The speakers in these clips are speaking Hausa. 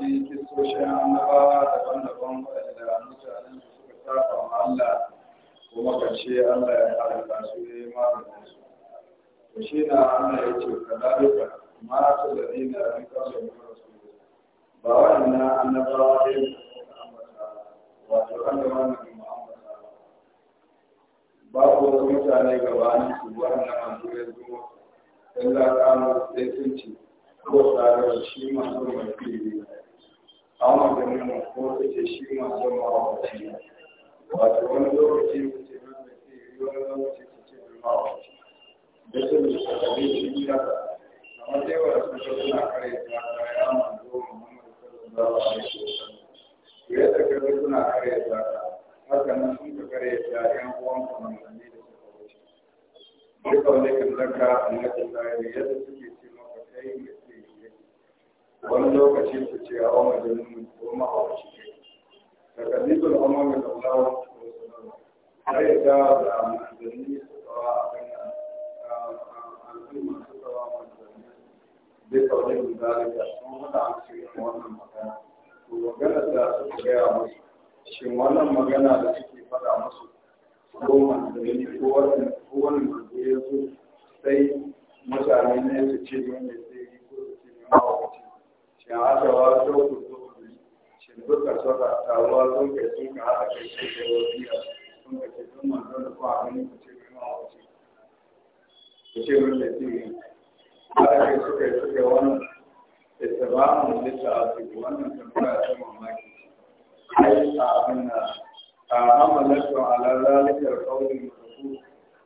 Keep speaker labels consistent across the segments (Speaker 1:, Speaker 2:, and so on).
Speaker 1: su yi kistoshin annabawa daban-daban waɗanda mutanen su suka saba ma Allah kuma karshe Allah ya halaka su ya yi maganin su. To shi na Allah ya ce ka zalika ma su da dina min kawai mu rasu. Ba waɗannan annabawa da suka ambata wato wanda wannan mu ambata. Babu wasu mutane gabanin su waɗannan manzo ya zo. Illa kanu da sun ce ko tsarar shi masu mai fili. an ganin mu ko ta ce shi masu mawaci wato wani lokaci ta ce wani lokaci ta ce mai mawaci da su ne ta tabi shi ya ta amma dai wa su ta suna kare ta kaya a muhammad sallallahu alaihi wasallam ya ta kare suna kare ta haka nan sun ka kare ta yan uwan ku da suka wuce duk wanda kan zaka annabi sallallahu alaihi wasallam yadda suke ce maka mai wani lokaci su ce a wani jirgin kuma a wani shi da kalibin amma da kawo har yi da manzanni su tsawa a kan al'umma su a manzanni zai kawo yin da sun hada a cikin wannan magana to magana da suka gaya musu shin wannan magana da suke faɗa musu ko manzanni ko wani manzanni sai mutane ne su ce mai in azawa zo ku zo ku yi shin duka suka taruwa sun ka sun ka haɗa kai sai da wasiya sun ka ce sun manzo da ku a gani ku ce kuma ku ce ku ce mun da ce haɗa kai suka yi suka da istibamun littafi wannan tambaya ta mamaki ai a abin na a amalatu ala zalikar kaunin mutu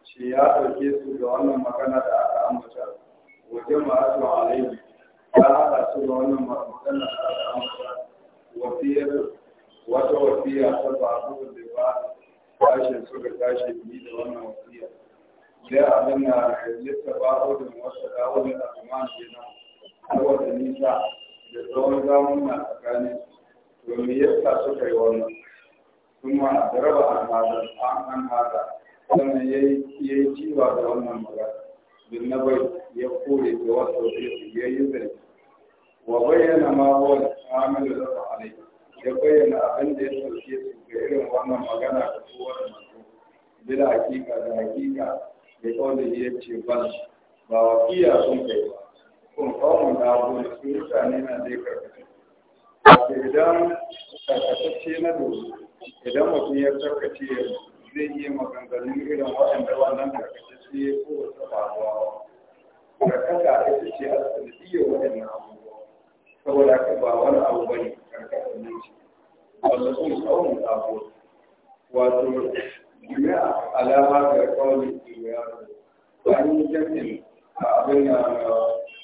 Speaker 1: shi ya ɗauke su ga wannan magana da aka ambata wajen ma'atu alaihi ta haɗa su da wannan magana da ta wasiyar wata wasiya ta ba su da ba tashin su ga tashin ni da wannan wasiya da abin na lissa da wasu da'udin a kuma kenan saboda nisa da tsawon zamuna tsakanin domin yadda yasa suka yi wannan kuma da raba an hada an hada sannan ya yi ciwa da wannan magana bin na bai ya kore da wasu ya yi zargi wa bayyana ma wal amil da alai ya bayyana abin da ya sauke su ga irin wannan magana da kowane mutum bila hakika da hakika ya da ya ce ba ba wakiya sun kai ba kun kawo da abu da su mutane na zai karfi wato idan karkatacce na dozu idan mutum ya karkace zai iya maganganun irin waɗanda wannan karkatacce ko wata faruwa karkata ita ce a sanadiyyar waɗannan abubuwa saboda ka ba wani abu ba ne karkashin zuci wanda sun tsawon tsafo wato jimi'a alama ga kawai jimi'a ba ni jami'in a abin na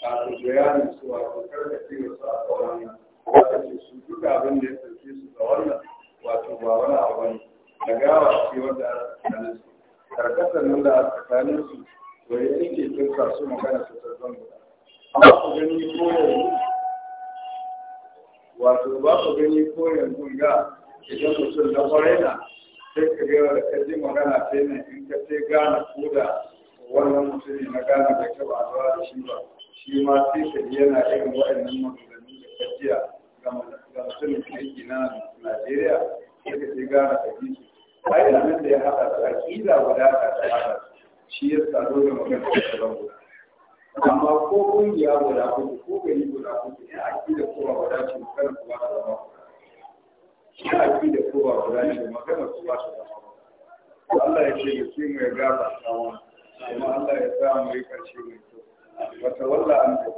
Speaker 1: a tsoyanin su wato karkace wasu a tsawon nan wata ce su duk abin da ya sauke su ga wannan wato ba wani abu ne da gawa ce wanda a tsakanin su karkasar nan da a tsakanin su wani ya yake kirka su magana su tarzan guda. Amma ku gani ko yanzu wato ba ku gani ko yanzu ga idan mutum na kwarai na sai ka ga ka ji magana sai ne in ka sai gane ko da wannan mutumin na gane kyau a azuwa da shi ba shi ma sai ka ji yana irin waɗannan maganganun da ka jiya ga mutumin kirki na Najeriya sai ka sai gane ka ji su ai da ya haɗa ta aƙida guda ta haɗa shi ya sa dole magana ta zama guda amma ko kungiya guda kudu ko gari guda kudu ya aki da kowa guda ce magana su ba su zama ya aki da kowa guda ce magana su ba su zama Allah ya ce da su ya gaba tsawon kuma Allah ya sa mu yi karshe mai kyau wata walla an ta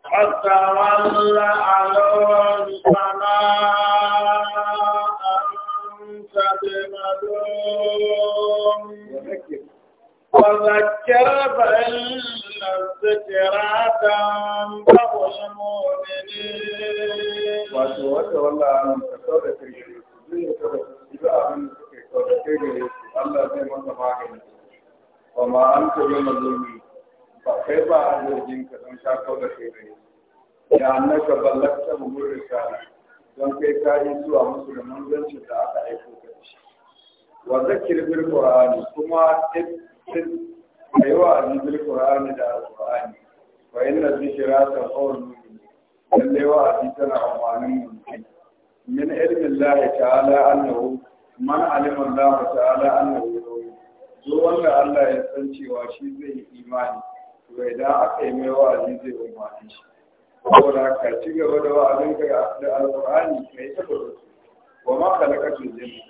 Speaker 1: فتولى عنهم فما
Speaker 2: أنت بملوم وذكر ذكرات فهو المؤمنين وتوجه
Speaker 1: الله أن تكون Allah zai masa magani ba ma an tabi mazumi ba kai ba a jirgin ka don sha kau da kai ne ya annaka ballakta mugurin ka don kai ka yi zuwa musulman zancin da aka aiko ka da shi wa zakir bil qur'ani kuma kai wa azizul qur'ani da alqur'ani wa inna zikra tanfa'ul mu'minin lalle wa tana amfanin mu'min min ilmi Allah ta'ala annahu man alima Allah ta'ala annahu zo wanda Allah ya san cewa shi zai yi imani to idan aka yi mai wa'azi zai umarni shi saboda ka ci gaba da wa'azinka da alqur'ani kai ta wa ma khalaqatul jinna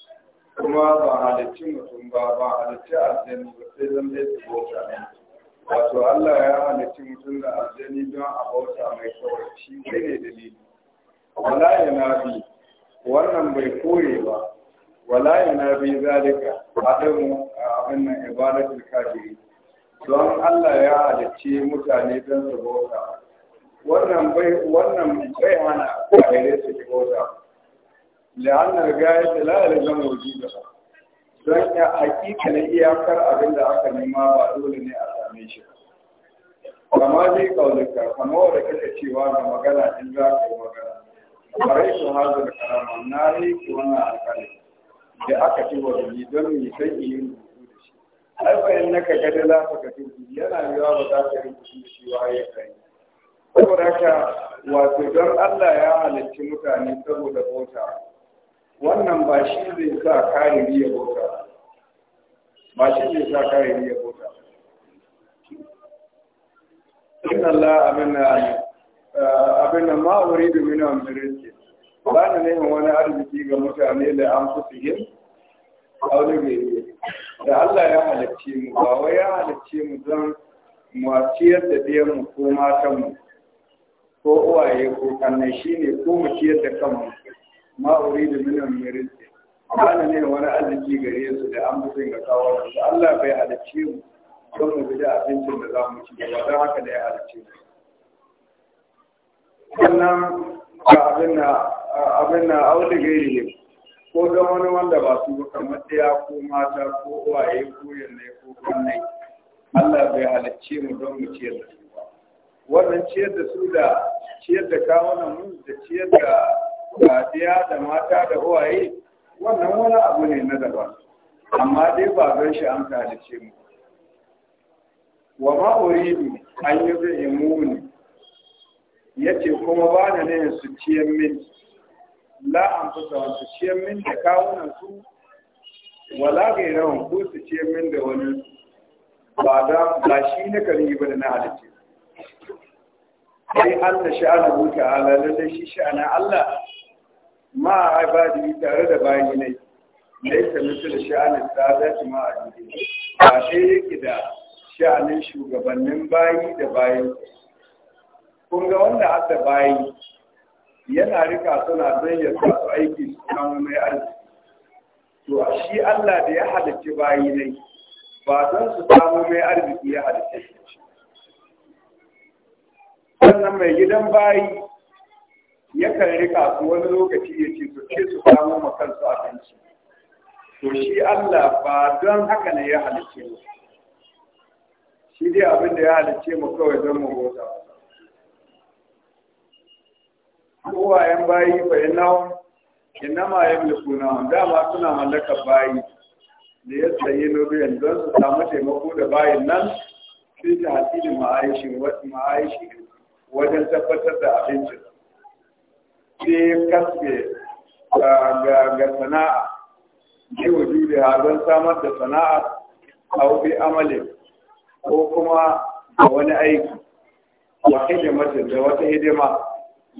Speaker 1: kuma ba halicci mutum ba ba halicci aljani ba sai zan dai su bauta ne wato Allah ya halicci mutum da aljani don a bauta mai kawai shi kai ne dalili wala ya nabi wannan bai kore ba wala ya nabi zalika adamu abin nan ibadatul kafiri don Allah ya halicci mutane don su bauta wannan bai wannan bai hana kafire su bauta la'annar gaya da la'ar zama wajen da don ya na iyakar abin da aka nema ba dole ne a same shi kama zai kaulika kama wadda kake cewa da magana in za ka yi magana bare su hazar karama na rai rike wannan alƙalin da aka ci wa ni don mi san yi rubutu da shi ai na ka gada la ka gada yana yiwa ba za ka rubutu da shi wa ya kai saboda haka wato don Allah ya halicci mutane saboda bauta wannan ba shi zai sa kahiri ya bauta ba shi zai sa kahiri ya bauta inna Allah abin da eh, ma uridu minhum min ba na neman wani arziki ga mutane da an fusu yin aure mai da Allah ya halarci mu ba wai ya halarci mu don mu ciyar da ɗiyan mu ko matanmu mu ko uwaye ko shi ne, ko mu ciyar da kanmu ma uridu minhum min rizqi Allah ne wani arziki gare su da an mutum ga kawo su Allah bai halicce mu don mu bi abincin da za mu ci ba don haka da ya halicce mu sannan ga abin na abin na auda gairi ko don wani wanda ba su ba kamar ɗaya ko mata ko uwaye ko yanne ko kannai Allah bai halicce mu don mu ciyar da su ba wannan ciyar da su da ciyar da kawunan mu da ciyar da gajiya da mata da uwaye wannan wani abu ne na daban amma dai ba don shi an kalice mu wa ma uridu an yi zai muni ya ce kuma ba na ne su ciyen min la an fusa wasu ciyen min da kawunan su wala ga yawan ko su ciyen min da wani ba da ba shi na kari ba da na halitta sai Allah sha'anahu ta'ala lalle shi sha'ana Allah ma a ibadi tare da bayi ne laisa da sha'anin sadati ma ajidi ba sai yake da sha'anin shugabannin bayi da bayi. kun ga wanda adda bayi yana rika suna zai ya sa su aiki su kama mai arziki to shi Allah da ya halarci bayi ne ba don su kama mai arziki ya halicce shi sannan mai gidan bayi yakan rika su wani lokaci ya ce su ce su samu ma kansu abinci to shi Allah ba don haka ne ya halice mu shi dai abin da ya halice mu kawai don mu bota yan bayi fa yana innama yamlikuna dama suna mallakar bayi da ya tsaye nobiyan don su samu taimako da bayin nan sun ta hasi ma'aishi wajen tabbatar da abincin sai kaske ga sana'a bi wujudi ha don samar da sana'a a bi amali ko kuma da wani aiki wa hidimatin da wata hidima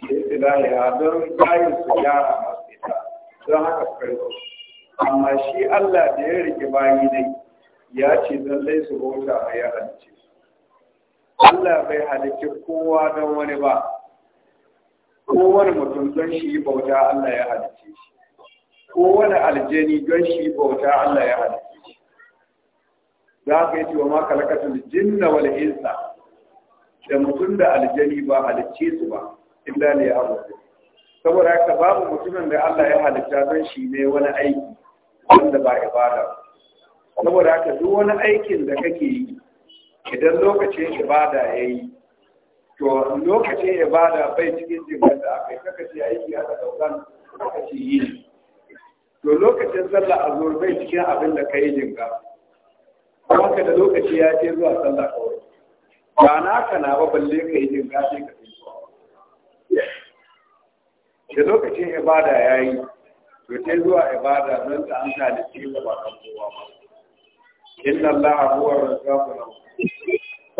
Speaker 1: da ilahi ha don kayan su gyara masu ita don haka amma shi Allah da ya rike bayi dai. ya ce lallai su bauta a ya Allah bai halicci kowa don wani ba kowane mutum don shi bauta Allah ya halice shi kowane aljani don shi bauta Allah ya halice shi za ka yi cewa ma kalakatul jinna wal insa da mutum da aljani ba halicce su ba illa ne ya halice saboda haka babu mutumin da Allah ya halitta don shi ne wani aiki wanda ba ibada saboda haka duk wani aikin da kake yi idan lokacin ibada ya yi to lokacin ibada bai cikin jikin da aka yi kaka aiki aka daukan aka ce yi to lokacin sallah a azhar bai cikin abin da ka kai jinka haka da lokaci ya ce zuwa sallah kawai ba na ka na ba balle ka yi jinka sai ka fi da lokacin ibada ya yi to sai zuwa ibada don ta an sa da ce ba kan kowa ba inna allaha huwa razzaqul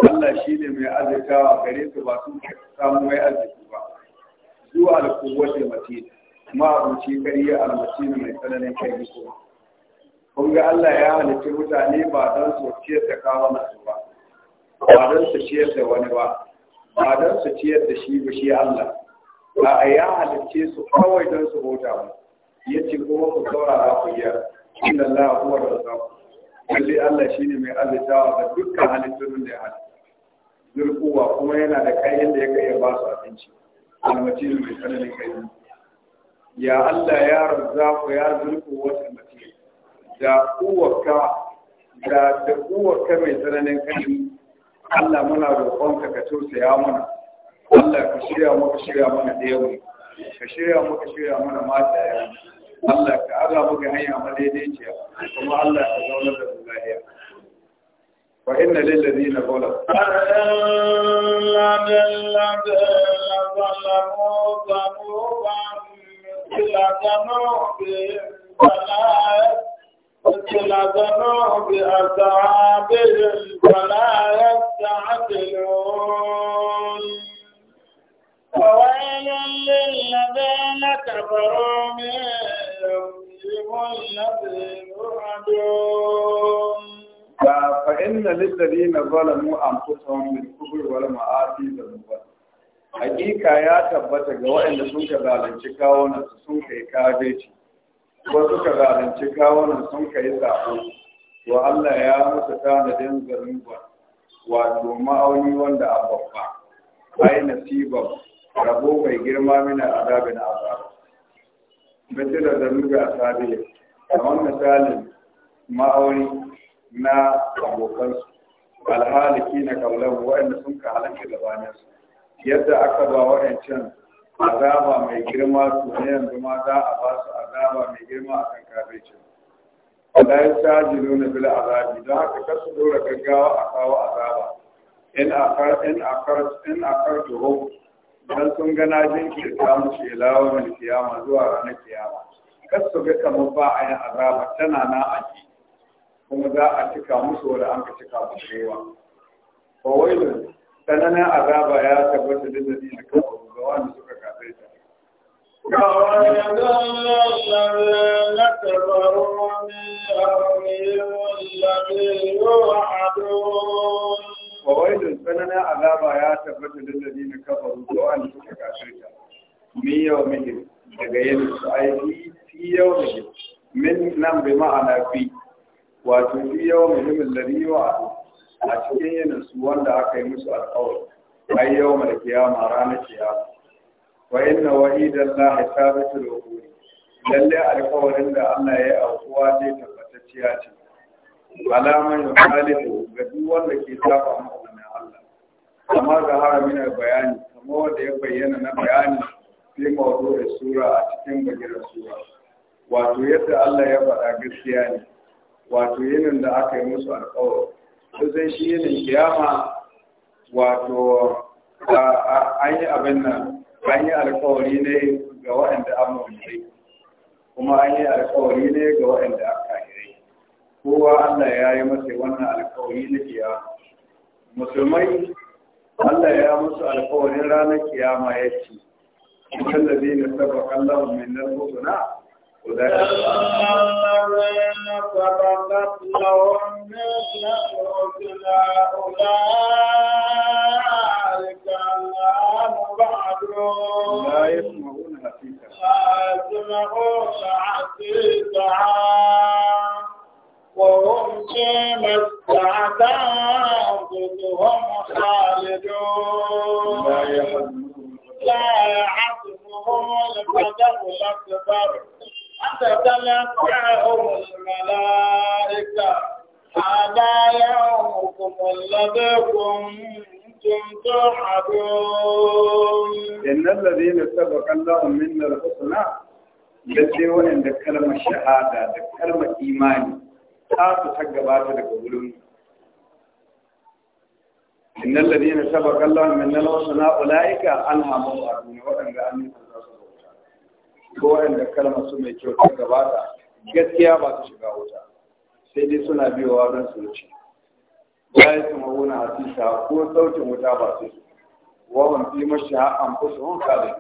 Speaker 1: Allah shi ne mai arzikawa gare su ba sun samu mai arziki ba zuwa alkuwatin mace ma abuci al almace mai tsananin kai kuma kun ga Allah ya halitta mutane ba don su ciyar da kawo nasu ba ba don su ciyar da wani ba ba don su ciyar da shi ba shi Allah ba a ya halitta su kawai don su bauta ba ce kuma ku saurara ku yi inna Allah huwa razzaq lalle Allah ne mai arzikawa ga dukkan halittun da ya halitta zurkuwa kuma yana da kayan da ya kai ya ba su abinci almatin mai tsananin kai ya Allah ya ku ya zurku wata mace da kuwarka da da kuwarka mai tsananin kai Allah muna roƙon ka tausaya mana Allah ka shirya maka shirya mana da yau ka shirya maka shirya mana mata ya Allah ka aga maka hanya madaidaiciya kuma Allah ka zauna da lafiya وإن للذين ظلموا
Speaker 2: وإن للذين ظلموا ذنوبا مثل ذنوبهم فلا مثل ذنوب أصحابهم فلا يستعجلون فويل للذين كفروا من يومهم الذي يوعدون
Speaker 1: فَإِنَّ لِلَّذِينَ ظَلَمُوا أَنفُسَهُمْ مِنْ كُبْرِ وَلَا مَعَاتِي ذَنُوبًا ga waɗanda sun ka zalunci kawo su sun kai kabeci ko sun ka zalunci kawo na sun kai zabo to Allah ya musu tana din garin ba wato ma'auni wanda a babba ai rabo mai girma mina na azab bin da zanuga sabiya kamar misalin ma'auni na abokansu alhaliki na kaulan wa'anda sun ka halaka gabaninsu yadda aka ba wa'ancan azaba mai girma su, ne yanzu ma za a ba su azaba mai girma a kan kafircin wala ya caji nuna bil azabi don haka kar su dora gaggawa a kawo azaba in akar in akar in akar duhu dan sun gana jinkirta musu ilawa mai kiyama zuwa ranar kiyama kar su ga kamar ba a yin azaba tana na aji kuma za a cika musu wanda an ka cika ba cewa fa wailun sananan azaba ya tabbata da zai da kawo ga wanda suka kafirta وعند الذين كفروا
Speaker 2: من أهلهم الذي يوعدون
Speaker 1: وويل سننا عذاب يا تبت للذين كفروا وأن تكافرت من يومهم daga yin su aiki fi yau da min nan bi ma'ana fi wato bi yau muhimmin lari wa a cikin yinin su wanda aka yi musu a ai yau mai kiyama ranar kiyama wa inna da su da uquli lalle alkawarin da Allah ya yi aukuwa ne tabbatacciya ce alaman ya kalifu ga duk wanda ke tafa ma'aunin Allah amma ga haramin bayani kamar wanda ya bayyana na bayani fi mawdu'in sura a cikin bagirar sura wato yadda Allah ya faɗa gaskiya ne wato yinin da aka yi musu alkawar sai shi yinin kiyama wato an yi abin nan an yi alkawari ne ga waɗanda an mamaye kuma an yi alkawari ne ga waɗanda an kahirai kowa Allah ya yi masa wannan alkawari na kiyama musulmai Allah ya musu alkawarin ranar kiyama ya ce Kullum da zai na saba kallon mai nan الذين
Speaker 2: سبقت لهم مثل حسنى أولئك الآن بعدهم لا يسمعون حسيسا لا يسمعون حسيسا وهم فيما استعدى خالدون تتلقاهم الملائكة هذا يومكم الذي كنتم توعدون
Speaker 1: إن الذين سبق لهم منا الحسنى لديهم عند كلمة الشهادة عند كلمة إيمان تاسو حق بعد القبولون إن الذين سبق لهم منا الحسنى أولئك أنها مؤمنون وأنا أنا ko waɗanda kalmar su mai kyau ta gabata gaskiya ba su shiga wuta sai dai suna biyowa don su wuce bayan su mawuna a sisa ko sautin wuta ba su wawan fi mashi an kusa da kada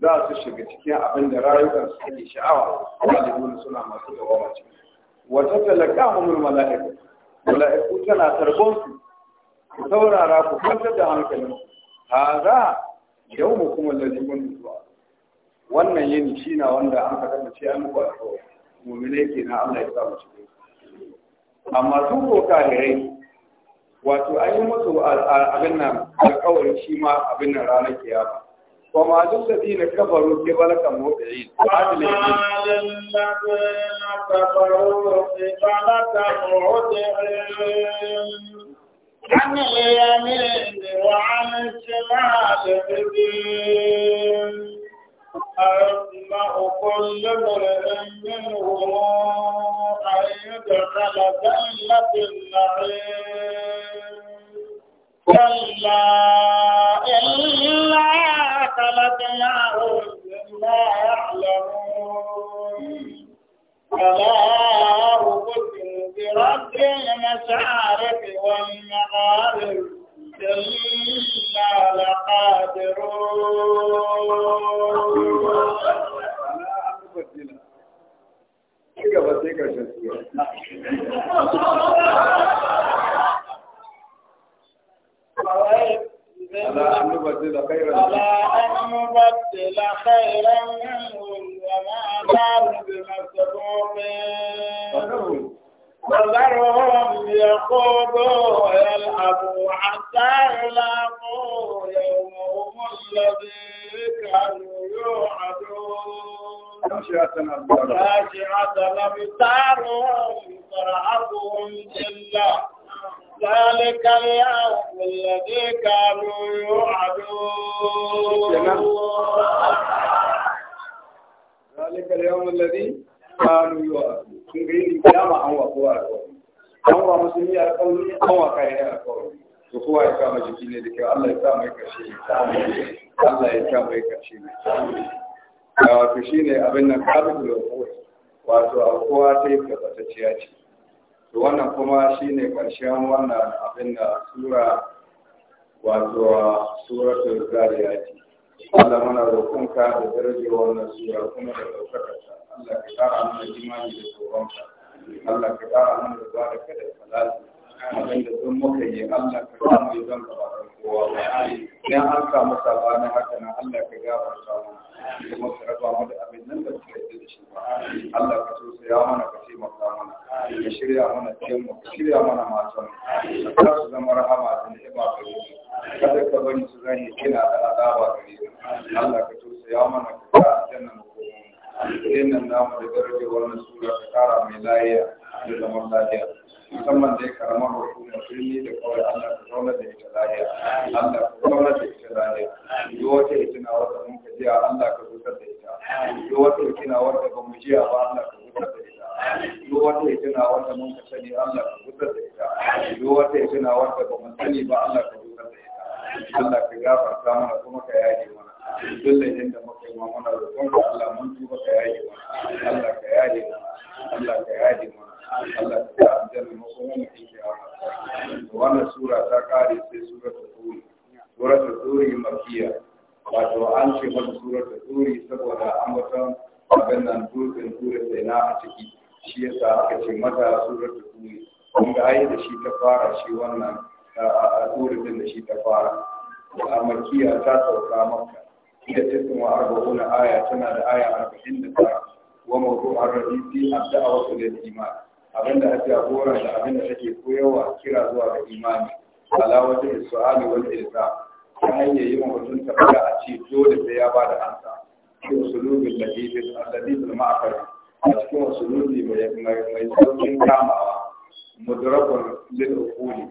Speaker 1: za su shiga cikin abin da rayukan su ke sha'awa nuna suna masu dawowa ce wata talaka mamul mala'iku mala'iku tana tarbon su ku saurara ku kwantar da hankalin ku haza yau mu kuma lalibun zuwa wannan yini shi na wanda an kaɗan da ce an muku alkawari mummune ke na Allah ya sa mu cikin amma su ko kahirai wato an yi musu abin nan alkawari shi ma abin nan ranar kiyama وما للذين كفروا قبلك مهطعين وما
Speaker 2: للذين كفروا قبلك مهطعين عن اليمين وعن الشمال أيطمع كل مرئ منهم أن يدخل جنة النعيم كلا إلا كلبناهم مما يعلمون
Speaker 1: فلا أقسم برب المشارق والمغارب
Speaker 2: إنا لقادرون
Speaker 1: gaba sai karshen sura.
Speaker 2: an فذرهم يخوضوا يلعبوا حتى يلاقوا يومهم الذي كانوا يوعدون ناشعة أبصارهم ترهقهم ذلة ذلك اليوم الذي كانوا يوعدون نعم.
Speaker 1: ذلك اليوم الذي كانوا يوعدون kun ga yin kiyama an wa kowa alƙawari an wa musulmi alƙawari an wa kare alƙawari to kowa ya kama jiki ne da kyau Allah ya sa mai karshe Allah ya sa mai karshe ne wato ne abin nan kabilu alƙawari wato alƙawa ta yi tabbatacciya ce to wannan kuma shine ƙarshen wannan abin da sura wato a suratul zariyati Allah mana roƙonka da darajar wannan sura kuma da ɗaukakarta Allah ka mana imani da tsoronka Allah ka mana da ba da kada salati abin da sun muka yi Allah ka ba mu zan ba kowa ba idan an samu na haka nan Allah ka gafarta mana kuma ka raba mu da abin nan da suka yi da shi ba Allah ka so ya mana ka taimaka mana ka shirya mana taimaka ka shirya mana matan ka su zama rahama da ni'ima mu kada ka bari su zan yi kina da azaba gare mu Allah ka so ya mana ka sa irin nan namu da daraja wannan sura ta kara mai layiya da zaman lafiya musamman dai karamar hukumar birni da kawai Allah ka zauna da ita lafiya Allah ka zauna da ita lafiya duk wata itina wata mun ka jiya Allah ka zutar da ita duk wata itina wata ba mu jiya ba Allah ka zutar da ita duk wata itina wata mun ka sani Allah ka zutar da ita duk wata itina wata ba mu sani ba Allah ka zutar da ita Allah ka gafarta mana kuma ka yaje mana dukkan inda muka yi muna da ka Allah mun tuba ka yaje mana Allah ka yaje mana Allah ka yaje mana Allah ka sa aljanna mu kuma mu kike wannan sura ta kare sai suratul turi suratul turi makiya. wato an ce mata suratul turi saboda an wata abin nan dutsen turi sai na a ciki shi ya sa aka ce mata suratul turi kun ga ayi da shi ta fara shi wannan a turi din da shi ta fara a makiya ta sauka maka cikin aya aya tana da da a هي تسع وأربعون آية تنا لآية أربعين لترى وموضوع الرئيسي الدعوة إلى iman. abinda ake agora da abinda take koyarwa kira zuwa ga imani ala wajen su'ali wal ilza ta hanyar yi wa mutum tafiya a ce dole sai ya bada ba da ansa fi usulubin latifin alladifin ma'akar a cikin wasu usulubi mai saukin kamawa mudurakun lil ukuli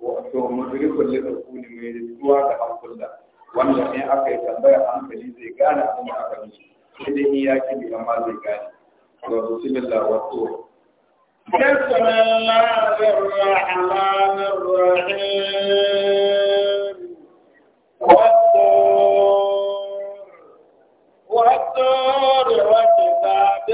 Speaker 1: wato mudurakun lil ukuli mai rikuwa da hankula wanda in aka yi tambaya hankali zai gane abin da aka mishi sai dai in ya ki bi amma zai gane wa bismillah wa tur
Speaker 2: بسم الله الرحمن الرحيم والطور والطور وكتاب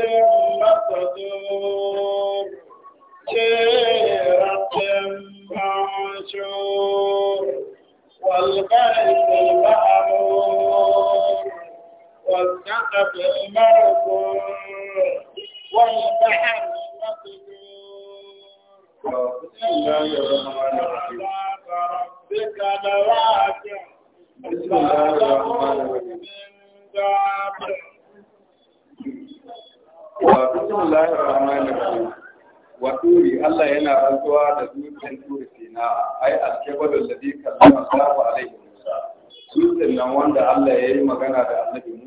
Speaker 1: Wanda Allah ya yi magana da annabi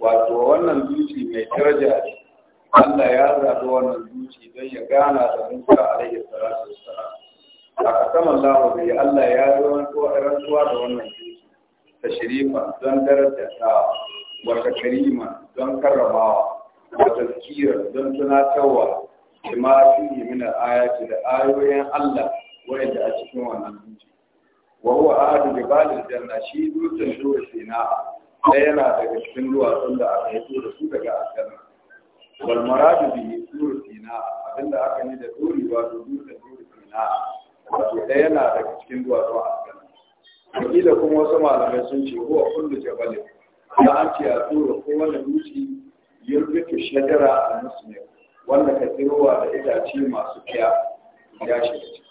Speaker 1: wato wannan zuci mai daraja ce Allah ya zaɓi wannan zuci don ya gana da Musa alaihi salatu wassalam Aka kasan Allah bai Allah ya yi rantsuwa da wannan zuci ta shirifa don daraja ta wata karima don karramawa wata tsira don tunatarwa da ma su yi ayati da ayoyin Allah wanda a cikin wannan zuci wa huwa ahadu bi balil janna shi dutsen dole sina'a da yana daga cikin duwatsun da aka yi da su daga aljanna wal maradu bi turu sina abinda aka yi da turi ba da dutsen turu sina wato da yana daga cikin duwatsun aljanna wakila kuma wasu malamai sun ce huwa kullu jabalin da an ce a turu ko wani dutse yurbitu shajara al muslim wanda ka tsirowa da itace masu kiya ya shiga ciki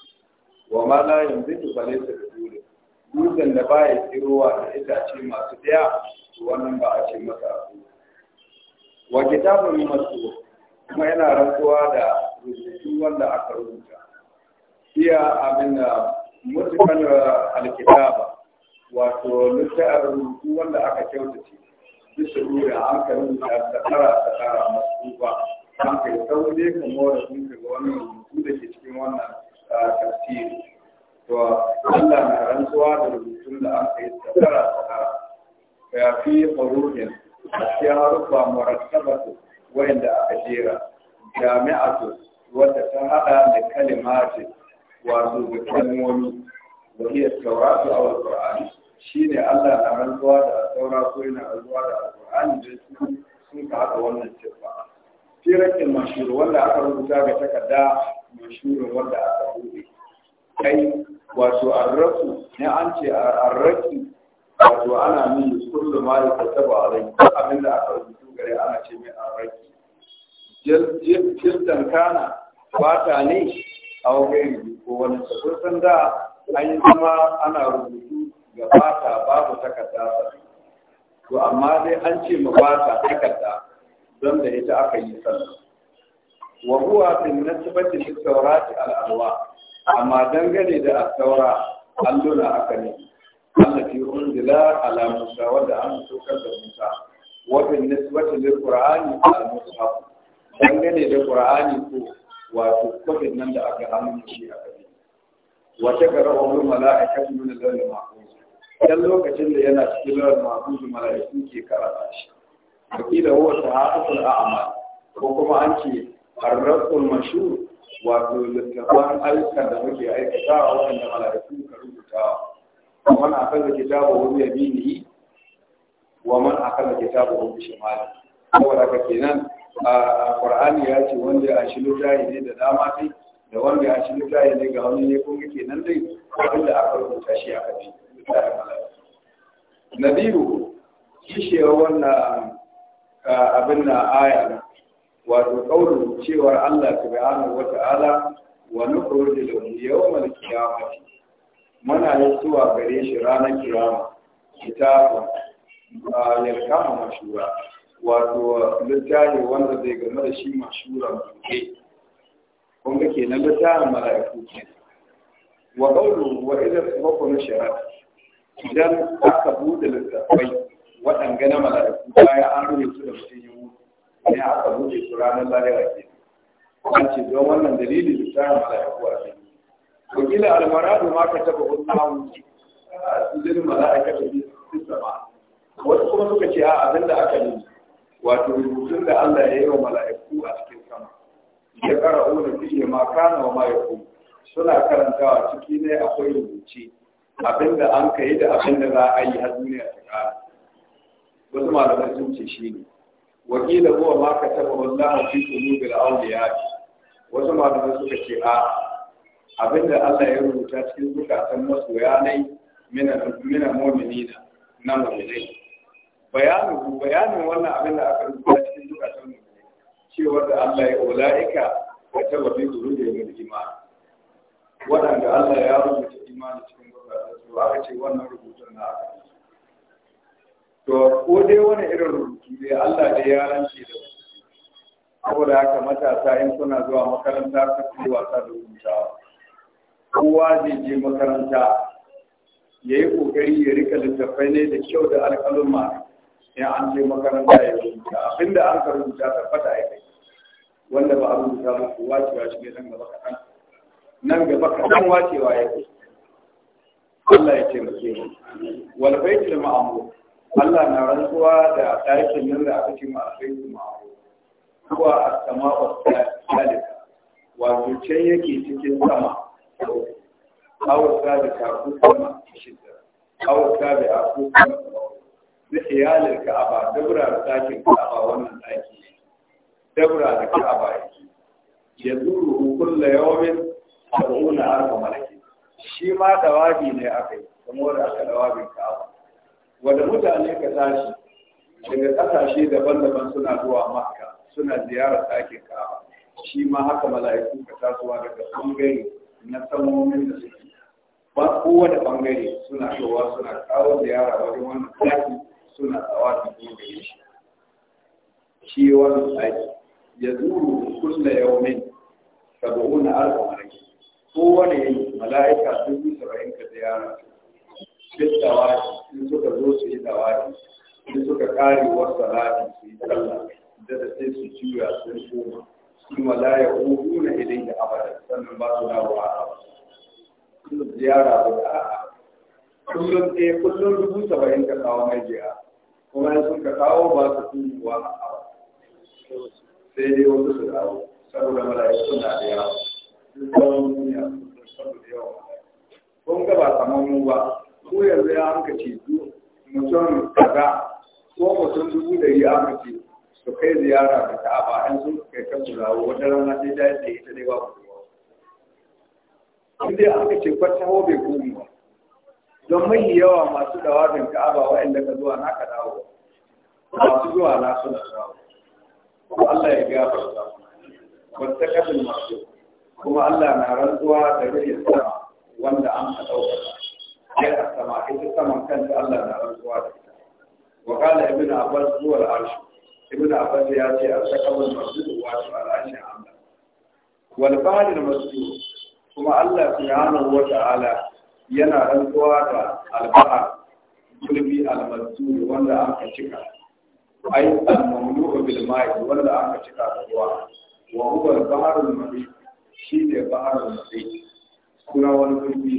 Speaker 1: wa ma la yanzu ba laysa bi dutsen da baya tsirowa da itace masu kiya wannan ba a ce masa abu wa kitabun masu kuma yana rantsuwa da rubutu wanda aka rubuta iya abin da mutukan alkitaba wato littafin rubutu wanda aka kyautace bisa ruwa an ka rubuta tsakara tsakara masu ba an kai saurare kamar da ka ga wannan rubutu da ke cikin wannan tafsiri to Allah na rantsuwa da rubutun da aka yi tsakara tsakara fi hurufin a cikin harufa murattabatu wanda aka jera jami'atu wadda ta haɗa da kalimati wato da kalmomi wa hiya tawratu aw alquran shine Allah na rantsuwa da taura ko yana rantsuwa da alquran da su sun ka hada wannan sifa tirakin mashhur wanda aka ga takarda mashhurin wanda aka rubuta kai wato arrafu ne an ce wato ana min kullu ma ya kataba alai abin da aka rubutu gare ana ce mai araki jiltan kana ba ne a wani ko wani sabon da an yi kuma ana rubutu ga fata babu takarda to amma dai an ce mu bata takarda don da ita aka yi sallah wa huwa bin nasbati lit tawrat al alwa amma dangane da at alluna aka ne allati unzila ala musa wanda an saukar da musa wabin nisbatu lil qur'ani al mushaf dangane da qur'ani ko wato kofin nan da aka hannun shi a gari wata ga rahon mala'ikatu min al-lawil mahfuz dan lokacin da yana cikin lawil mahfuz mala'iku ke karanta shi wakila huwa sahabatul a'mal ko kuma anke ce arraqul wato littafan da muke aikata waɗanda mala'iku ka rubuta ومن أخذ كتابه بيمينه ومن أخذ كتابه بشماله saboda kenan a Qur'ani ya ce wanda ya shi lutayi ne da dama da wanda ya shi lutayi ne ga wani ne kuma kenan dai abinda aka rubuta shi aka ji na biyu kishiyar wannan abin na aya wato kaurin cewar Allah subhanahu wa ta'ala wa nukhrijul yawmal qiyamati muna yi zuwa gare shi ranar kirama kitabu, a yarkama mashura wato littafi wanda zai game da shi mashura buke Kuma ke na littafin mala'iku ke wa qawlu wa idza na shara idan aka bude littafai waɗanga na mala'iku bayan an rufe su da mutum ya mutu ne aka bude su ranar lahira ke an ce don wannan dalilin littafin mala'iku a cikin wakila almaradu ma ka taba wallahu sujudin mala'ika ta bi sama wasu kuma suka ce a abin da aka yi wato rubutun da Allah ya yi wa mala'iku a cikin sama ya qara'una fihi ma kana wa ma yakun suna karantawa ciki ne akwai rubuce abinda an ka yi da abinda za a yi har duniya ta kara wasu malamai sun ce shi ne wakila huwa ma kataba wallahu fi qulubil awliya wasu malamai suka ce a abinda Allah ya rubuta cikin zukatan masoya nai mina mumini na mu'minai bayanin bayanu wannan abin da aka rubuta cikin zukatan mu'minai cewa da Allah ya ulaika wa tawabi zuriyya min iman wadanda Allah ya rubuta imani cikin zukatan su aka ce wannan rubutun na aka to ko dai wani irin rubutu ne Allah dai ya rance da saboda haka matasa in suna zuwa makaranta su yi wasa da rubutawa kowa zai je makaranta ya yi ƙoƙari ya rika littattafai ne da kyau da alƙaluma ya an je makaranta ya rubuta abinda an ka rubuta tabbata ya kai wanda ba a rubuta ba ko wacewa shi ne nan gaba kaɗan nan gaba kaɗan wacewa ya kai Allah ya taimake mu wal baitul ma'mur Allah na rantsuwa da ɗakin nan da aka ce ma baitul ma'mur kuwa as-sama'u as-salisa wato can yake cikin sama kyau awo sabi ta ko kuma shidda awo sabi a iyalin ka'aba dabura da ɗakin ka'aba wannan ɗaki dabura da ka'aba yake ya zuru kulla yawmin sab'una alfa malaki shi ma dawabi ne aka yi kamar da aka dawabin ka'aba wanda mutane ka tashi daga ƙasashe daban-daban suna zuwa makka suna ziyarar ɗakin ka'aba shi ma haka mala'iku ka daga ɓangare na samomin da suke ba kowane bangare suna showa suna kawo da yara wajen wannan tsaki suna tsawa da gobe ya shi shi wannan tsaki ya zuru kulla yaumin sabu'una alfa malaki kowane yanki mala'ika sun yi saba'in ka ziyara duk dawaki sun suka zo su yi dawaki in suka kare wasu salati su yi sallah da sai su juya sun koma kuma la ya na idan da abada sannan ba dawo a kullum ziyara ba da a'a kullum ɗaya eh, kullum dubu saba'in ka mai jiya kuma in sun ba su a sai dai su dawo saboda da yawa sun saboda yawa kun ga ba kamar mu ba mu yanzu ya hanka ce mutum kaza ko mutum dubu ɗari aka ce su kai ziyara ga ta'aba in sun shiga wata rana sai ta yadda ita ne ba kowa in dai aka ce kwata hau bai komi ba don mai yawa masu dawafin ka'aba wa'anda ka zuwa na ka dawo masu zuwa na suna dawo Allah ya gafarta wata kafin masu kuma Allah na rantsuwa da rufe sama wanda an ka ɗauka sai a sama ita saman kanta Allah na rantsuwa da ita wa qala ibn abbas zuwa al-arsh ibn abbas ya ce a sakawul masjid tashi al'ashin Allah wal fahadil masjid kuma Allah subhanahu wa ta'ala yana rantsuwa da alba'a gulbi al-masjid wanda aka cika ai al-mamlu'u bil ma'i wanda aka cika da ruwa wa huwa al-baharul mahit shine baharul mahit kuma wani gulbi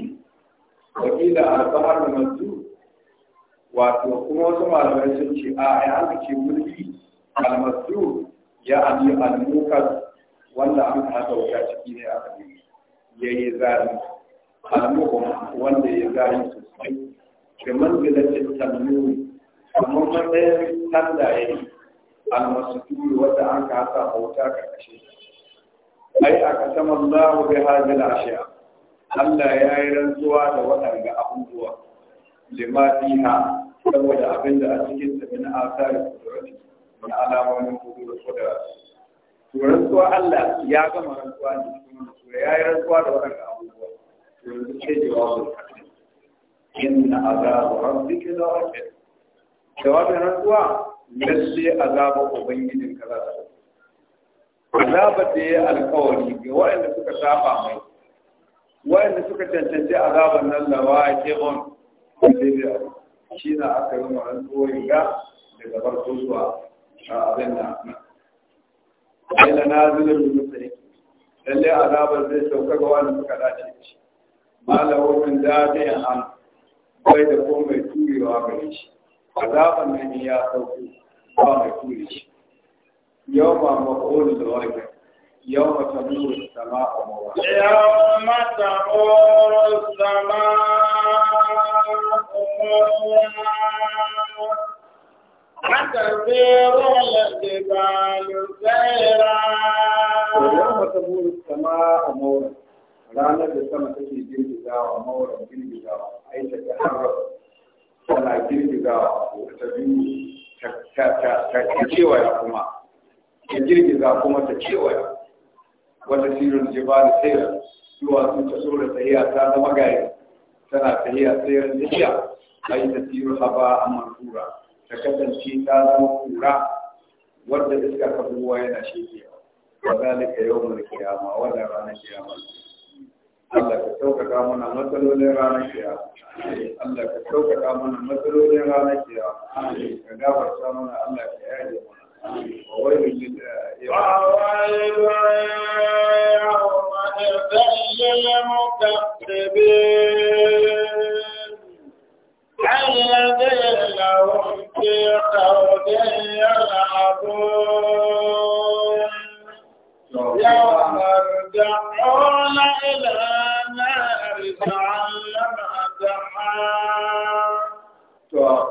Speaker 1: wakila al-baharul masjid wato kuma wasu malamai sun ce a ai aka ce gulbi al-masjid ya abi al wanda an haka wuta ciki ne a kan ya yi zari al wanda ya zari sosai da manzilacin tannuri amma matsayin tanda ya yi al-masuturi wanda an haka wuta karkashin ai a kasam Allah bi hadhihi al-ashya Allah ya yi rantsuwa da waɗanda abubuwa lima fiha saboda abinda a cikin ta min asari kudratihi na alamomin kudu da kuda to rantsuwa Allah ya gama rantsuwa ne cikin rantsuwa ya yi rantsuwa da waɗanda abubuwa to yanzu ce jawabin inna azabu rabbika la wajib jawabin rantsuwa lalle azabu ubangijin ka za ta azabar da ya alkawari ga waɗanda suka saba mai waɗanda suka cancanci azabar nan lawa ya ke on shi na aka yi wa rantsuwa ga daga farko zuwa abin da ila nazilin musulmi lalle azabar zai sauka ga wanda suka dace shi malawo min dafi'in an bai da ko mai turewa shi nan ya sauko ba mai ture shi yau maƙoli da wani
Speaker 2: وتسير الجبال سيرا ويوم
Speaker 1: تمور السماء مورا ranar da sama take girgizawa mauran girgizawa ai ta ta harrafa tana girgizawa ta biyu ta kewaya kuma ta kuma ta kewaya wata sirin jibalu ta tsora tahiya ta zama gari tana tahiya sayar tahiya ai ta sirin haba a mantura ka shi ta zama kura wadda iska ka buwa yana shi ke wa zalika yawmul qiyama wa la ranar qiyama Allah ka sauƙaƙa mana matsalolin ranar kiyama Allah ka sauƙaƙa mana matsalolin ranar kiyama ka gafarta mana Allah ka yaje mana wa wailul lil yawma lil
Speaker 2: mukaththibin الذين في خوض يلعبون يوم يرجعون إلى نار جهنم جحا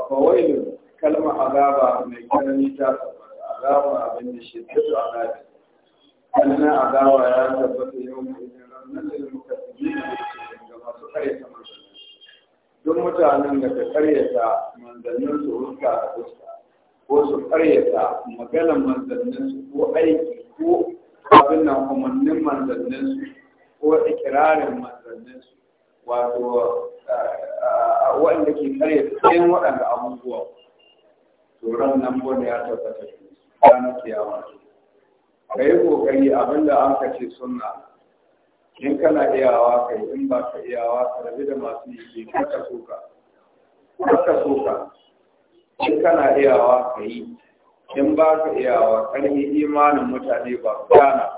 Speaker 1: فويل كلمة عذاب من كلمة عذاب عبد الشدة عذاب
Speaker 2: أنا عذاب يا رب
Speaker 1: يوم إذن المكتبين بالشدة كما سكرت من duk mutanen da ka karyata manzannin su ruka a fuska ko su karyata maganar manzannin su ko aiki ko abin na umarnin manzannin su ko ikirarin manzannin su wato eh, eh, waɗanda ke karyata sayan waɗanda abubuwa ran nan bane ya tabbata ranar kiyama ka yi kokari abinda an kace sunna in kana iyawa kai in ba ka iyawa ka rabi da masu yi kaka soka kaka soka in kana iyawa ka yi in ba ka iyawa ƙarfi imanin mutane ba kana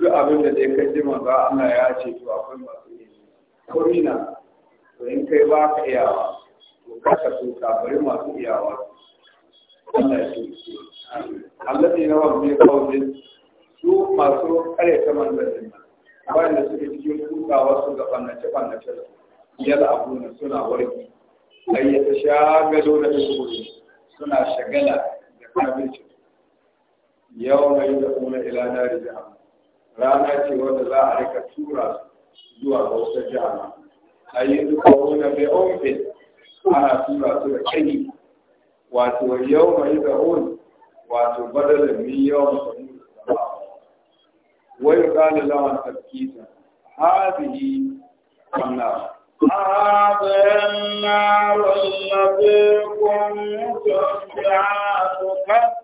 Speaker 1: duk abin da zai kai jima za a ya ce to akwai masu yi ko mina to in kai ba ka iyawa to kaka soka bari masu iyawa Allah ya ce Allah ne na wani kawai su masu kare ta manzannin nan wanda suke cikin kukawa su ga fannace fannace su yalla abuna suna warki ai ya shagalo da su suna shagala da kafirci yau mai da kuma ila nari jahannam rana ce wanda za a rika tura zuwa ga wata jihar a yi duka wani bai omfe ana tura su da kai wato yau mai da on wato badalin mi yawan ويقال لها تبكيتا هذه النار
Speaker 2: هذه النار التي كنتم بها تكذبون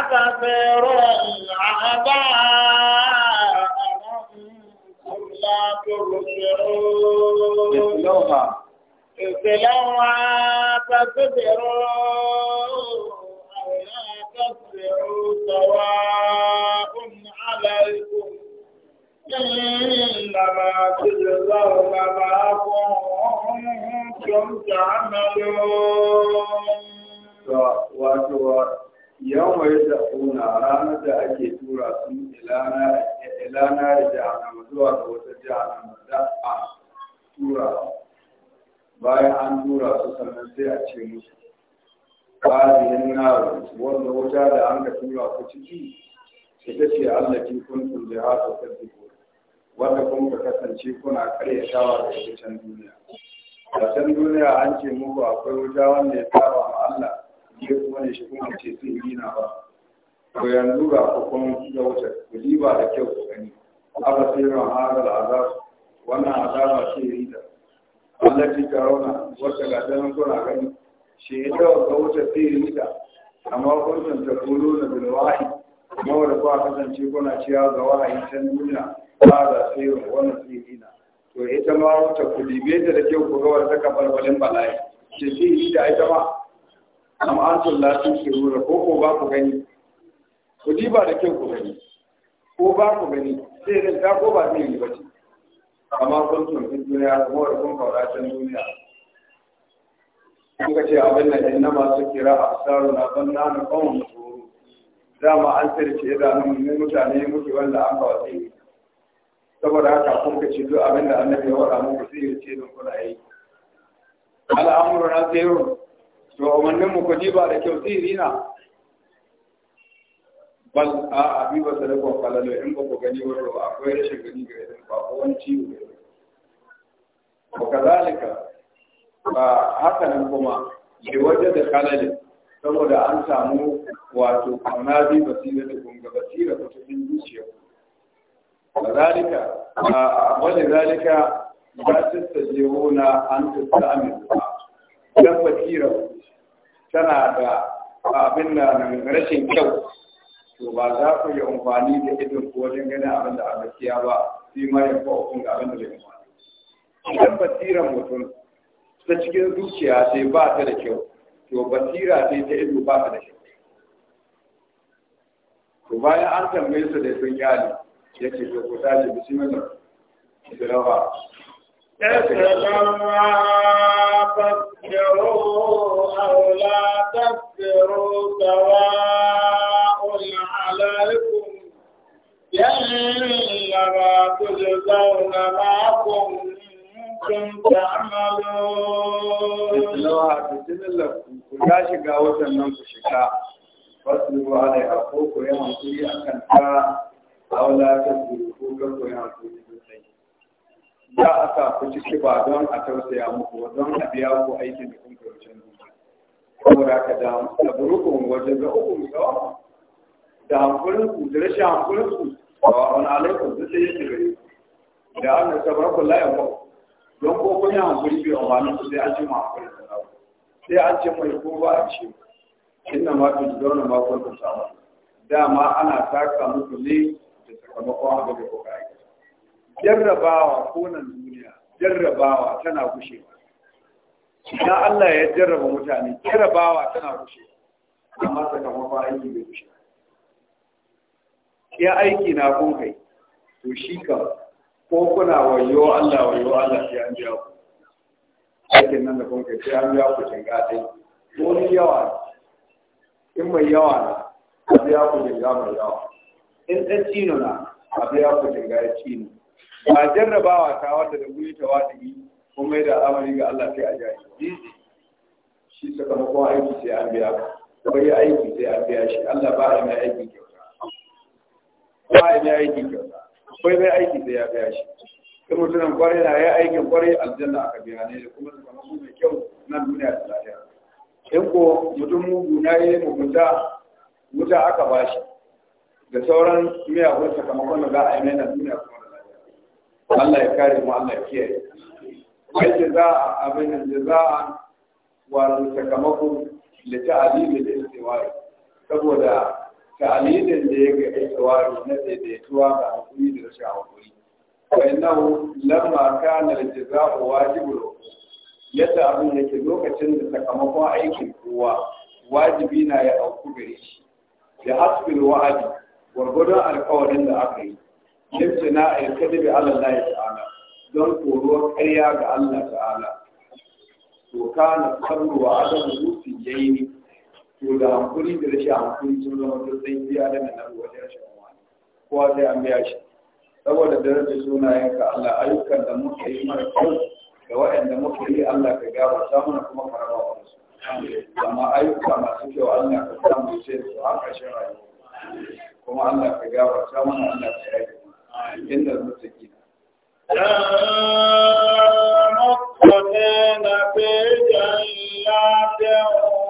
Speaker 2: أتذرون أعداءكم لا تبصرون اصلوها اصلوها تكذبون تتبعوا سواء عليكم إنما تجزون ما
Speaker 1: ranar da ake tura ilana zuwa da wata jahannama da tura bayan an tura su sannan sai a ce musu fadihin nar wanda wuta da an ka tura ku ciki ita ce allati kuntum biha tukadzibun wanda kun ka kasance kuna karyatawa da ita can duniya da can duniya an ce muku akwai wuta wanda ya saba ma Allah ke kuma ne shi kuma ce sun yi na ba to yanzu ga ku kun ga wuta ku diba da kyau ku gani aba sai ran hadal azab wannan azaba ce yi da Allah ki karona wata ga dan kuna gani Shi ya shahida ga wuta tsirita amma kuntun ta kulu na bilwahi kuma wadda kuwa kasance kuna ciya ga wahayi can duniya ba da tsirin wannan tsirina to ita ma wuta ku dibe ta da kyau ku ga wadda ta kabalbalin bala'i ke tsirita ita ma amma an tulla sun shirura ko ko ba ku gani ku diba da kyau ku gani ko ba ku gani sai ta ko ba zai yi ba ce amma kun ta duniya kuma wadda kun kaura can duniya
Speaker 2: kuka ce abin nan inna masu
Speaker 1: kira a tsaro na ban na na kawon tsoro dama an tsirce idanun mu mutane muke wanda an wasu yi saboda haka kun ka ce duk abin da annabi ya wada muku sai ya ce don kuna yi al'amuru na zero to umarnin mu kudi ba da kyau tsiri na bal a abi ba sa da kwa in ba ku gani wato akwai rashin gani ga idan ba ko wani ciwo ko kazalika haka nan kuma ke waje da kalalin saboda an samu wato kauna bi basira da gunga basira ta cikin zuciya zalika wani zalika ba su tajewo na an tuta amin dan basira tana da abin da rashin kyau to ba za ku yi amfani da idon ko wajen ganin abin da a gaskiya ba sai ma ya fa ga abin da bai amfani Idan basiran mutum ta cikin zuciya sai ba ta da kyau to basira sai ta ido ba ta da kyau to bayan an tambaye su da sun yali ya ce to ku tashi bismillah bismillah فاستجمع
Speaker 2: فاستروا أو لا تستروا سواء عليكم إنما تجزون ما كنتم kuntum ta'malun Allah
Speaker 1: cikin lakum ku ya shiga watan nan ku shiga Wasu ruwa fasu alai ko ku yi hankuri akan ta aula ta ko ga ku yi hankuri sosai za a sa ku ciki ba don a tausaya muku ba don a biya ku aikin da kun karucin saboda ka da taburukun wajen da uku sawa da hankulin ku da rashin hankulin ku wa wani alaikun duk sai ya shiga da an da sabarakun layan ba don ko kun yi hankali biyu amfanin ku sai an ce ma akwai da sana'a sai an ce mai ko ba a ce inda ma ta zuwa na makon ta sama dama ana taka muku ne da sakamakon haka da kuka yi jarrabawa ko nan duniya jarrabawa tana gushewa idan Allah ya jarraba mutane jarrabawa tana gushewa amma sakamakon aiki bai gushe ya aiki na kun kai to shi kawai ko kuna wayo Allah wayo Allah sai an biya ku aikin nan da kun kai sai an biya ku jinga dai ko ni yawa in mai yawa na a biya ku jinga mai yawa in ɗan cino na a biya ku jinga ya cino ba jarrabawa ta wata da guri ta wata yi kun mai da amari ga Allah sai a ja shi sakamakon aiki sai an biya ku bai aiki sai an biya shi Allah ba a mai aiki kyauta ba a mai aiki kyauta akwai mai aiki da ya biya shi in mutumin kwarai na ya aikin kwarai aljanna aka biya ne da kuma sakamako mai kyau na duniya da lafiya in ko mutum mugu na yi mugunta wuta aka ba shi. da sauran miyagun sakamakon da za a yi na duniya kuma da lafiya Allah ya kare mu Allah ya kiyaye za a abin jaza'a za a wani sakamakon da ta da istiwa'i saboda ta'alilin da ya ga itawari na daidaituwa ga hakuri da rashin hakuri wa innahu lamma kana al-jazaa'u wajibu yadda abin yake lokacin da sakamakon aikin kowa wajibi na ya auku gare shi da hasbil wa'adi gwargwadon alkawarin da aka yi yadda na aikata bi Allah ya ta'ala don koro karya ga Allah ta'ala to kana sabru wa adam rusi da hankuri da rashin hankuri sun zama duk sai biya da nan a rashin hankuri kowa sai an biya shi saboda darajar sunayen ka Allah ayyukan da muka yi mara kyau da waɗanda muka yi Allah ka gafarta mana kuma karaba raba wa su amma ayyuka masu kyau Allah ka samu sai su shi ƙarshen rayuwa kuma Allah ka gafarta mana Allah ka yi inda mutaki na مطمئن
Speaker 2: ya جنات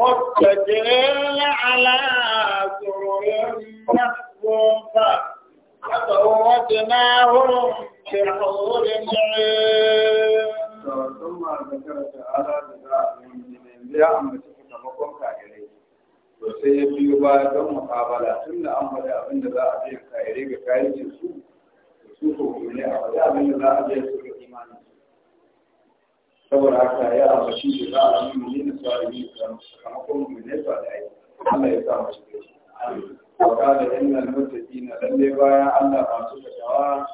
Speaker 2: متكئين على سرر مخفوفة وزوجناهم بحور
Speaker 1: عين. ثم ذكر تعالى sai ya biyo baya don muƙabala tun da an faɗi abin da za a je kayare ga kayan su su ko ne a faɗi abin da za a je su ga imanin saboda haka ya ambaci shi za a yi mulki na sa'ili da sakamakon mu ne sa da Allah ya sa mu shi wa kana innal na lalle bayan Allah ba su takawa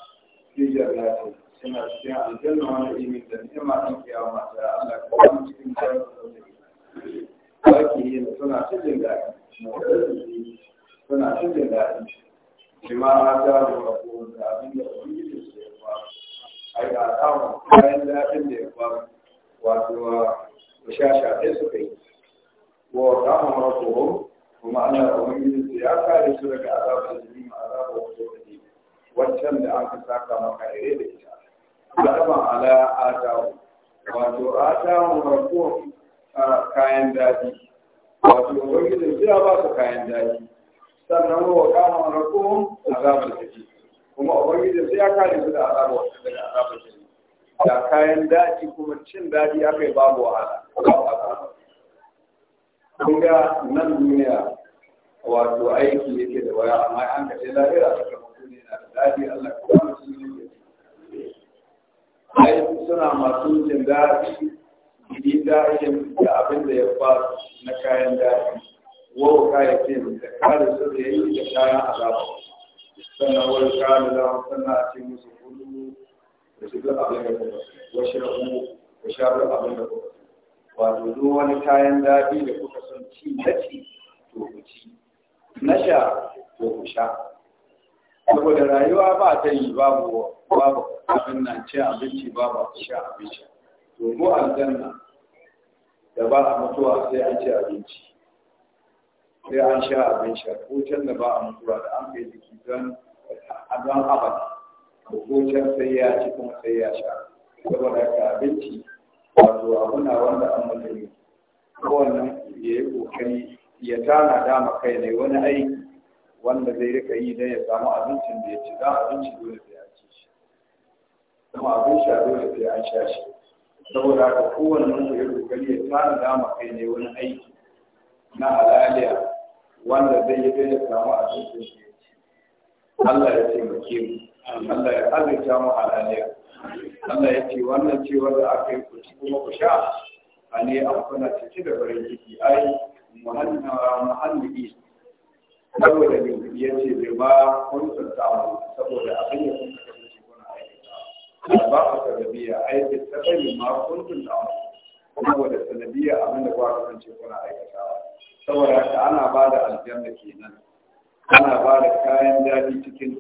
Speaker 1: fi jannati suna cikin aljanna wani imin da ni'ima an kiyama ta Allah ka ba mu cikin jannati baki suna cikin daɗi suna cikin daɗi bima ta rubuta da abin da ubangiji su ya faru ai da samun kayan daɗin da ya faru wato bushasha sai suka yi wa kama marko kuma ana ubangiji su ya kare su daga azabar jini ma azabar wato kaji wancan da an ka saka maka ire da ita alama ala atawu wato atawu marko kayan daji wato ubangiji su ya ba su kayan daji sannan wa kama marko azabar kaji kuma ubangiji su ya kare su da azabar wato daga azabar jini da kayan daji kuma cin daji aka yi babu wahala kun ga nan duniya wato aiki yake da waya amma an ka ce lahira ta kama ne na da daji Allah ka ba su ne Aiki suna masu jin daɗi gidi dajin da abin da ya ba na kayan daɗi wawo kayayyakin da kare su da yayi da kayan azaba sannan wani kare da sannan a cikin musu kudu da su abin da kuka so wa shirabu da sharu abin da kuka so wato duk wani kayan daɗi da kuka son ci na ci to ku ci na sha to ku sha saboda rayuwa ba ta yi babu babu abin nan ci abinci babu sha abinci to mu aljanna da ba a mutuwa sai an ci abinci sai an sha abinci sha ko da ba a mutuwa da an kai jiki don don abada hukuncin sai ya ci kuma sai ya sha saboda ka abinci wato abuna wanda an mutane kowannan ya yi kokari ya tana dama kai ne wani aiki wanda zai rika yi don ya samu abincin da ya ci a abinci dole sai an ci shi kuma abin sha dole sai an sha shi saboda ka kowannan ya yi kokari ya tana dama kai ne wani aiki na alaliya wanda zai yi don ya samu abincin da ya ci Allah ya taimake mu Allah ya mu halaliya Allah ya ce wannan da aka yi ci kuma ku sha ale an kuna da farin ciki ai muhalli ya ce bai ba saboda abin da kun kasance kuna aikata ba ku ma saboda sanadiyya abin da kuna saboda haka ana ba da aljanna kenan ana ba da kayan daɗi cikin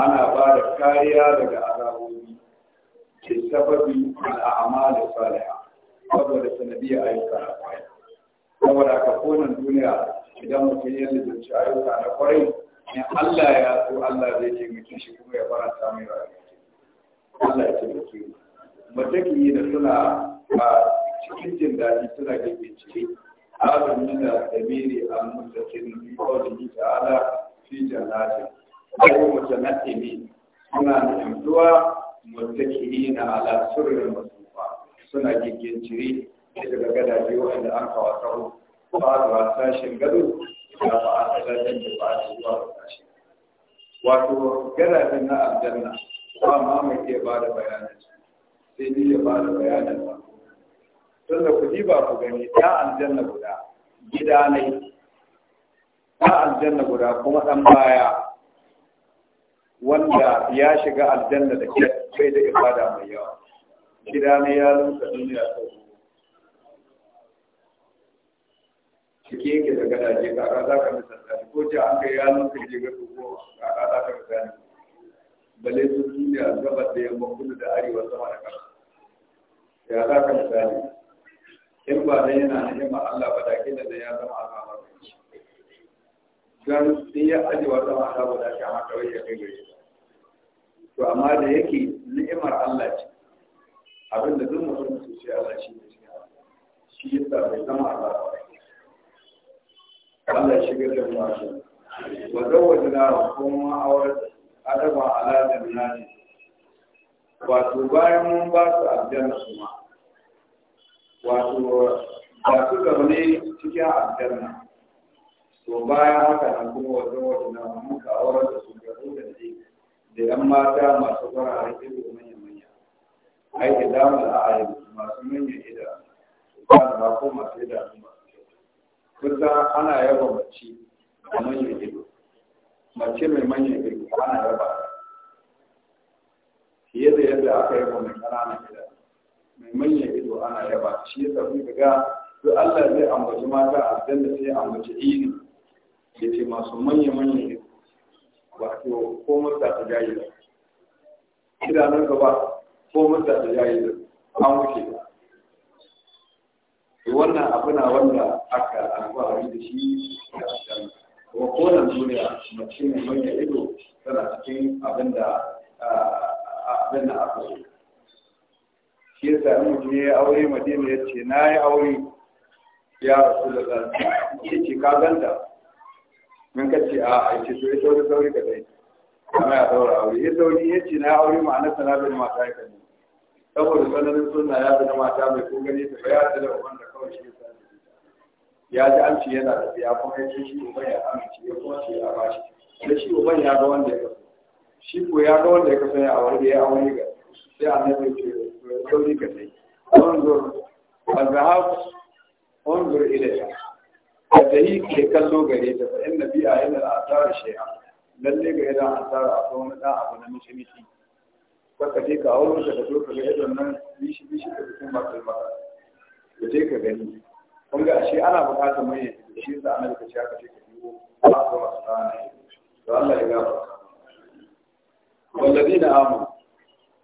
Speaker 1: ana ba da kariya daga azabobi ke sababi al'ama da saliha saboda sanadiyar ayyuka na kwarai saboda ka konan duniya idan mutum ya lalace ayyuka na kwarai in Allah ya so Allah zai taimake shi kuma ya fara samun rayuwa Allah ya taimake mu yi da suna a cikin jin daɗi suna gefe ciki azumin da damiri a mutakin bi kawai ta'ala fi jannatin ayyukan mutanatimi suna mutuntuwa mutakirina على surrin masufa suna giginciri daga gadaje wanda an kawo tsawo ba da sashen gado da ba a da ba a zuwa na aljanna ba ma mai ke ba da bayanan sai ni ya ba da bayanan ba tun kuɗi ba ku gani ta aljanna guda gida ne ta aljanna guda kuma ɗan baya wanda ya shiga aljanna da ke kai da ibada mai yawa gida ne ya lumsa duniya sau ciki yake da gadaje kaka za ka misalta ko ce an kai ya lumsa je ga ko kaka za ka misalta balle su duniya gabar da yamma kudu da arewa sama da kasa ya za ka misali in ba dan yana ni'ima Allah ba da kila da ya zama azabar don in ya ajiye wata mata ba da shi a haka wai ya kai gari to amma da yake ni'imar Allah ce abin da duk mutum su ce Allah shi ne shi yasa bai zama Allah ba Allah shi ga da wasu wa zawwajna kuma awar adaba ala ne? wato bayan mun ba su aljanna kuma wato ba su zaune cikin aljanna to bayan haka nan kuma wa zawwajna muka awar da su ga da jiki da yan mata masu fararen ido manya-manya ai da a a'ayi masu manyan idanu ba da ba ko masu idanu masu kyau kusa ana yaba mace da manyan ido mace mai manyan ido ana yaba fiye da yadda aka yaba mai ƙananan idanu mai manyan ido ana yaba shi ya sauki daga Allah zai ambaci mata a sai ambaci ini ya ce masu manya wato ko mutta ta jayi ba idanun gaba ko mutta ta jayi ba an wuce ba wannan abu na wanda aka alfahari da shi da asali wa kowane duniya mace mai manya ido tana cikin abin da abin da aka so shi ya sami mutum ya aure madina ya ce na yi aure ya rasu da zan ya ce ka ganta Mun ka ce a a ce to ya sauri sauri ka dai amma ya saura aure ya sauri ya ce na aure ma'ana sana bai mata ya kalli saboda tsananin suna ya zama mata mai ko gani ta ya ta da uban da kawai shi ya ya ji amci yana da ya kuma ya ce shi uban ya amince ya kuma ce ya ba shi da shi uban ya ga wanda ya kaso shi ko ya ga wanda ya kaso ya aure ya aure ga sai annabi ya ce sauri ka dai wanzur azhab wanzur ilayya da yi ke kallo gare ta fa inna bi'a yana al'asar shi'a lalle ga yana asar a ko wani dan abu na mishi mishi kaka je ka auro ta ka zo ka ga idan nan bishi bishi ka cikin masu maka ka je ka gani kun ga ashe ana buƙatar mai shi yasa ana da ciya ka je ka biyo ba ko masu tsana to Allah ya gafarta والذين آمنوا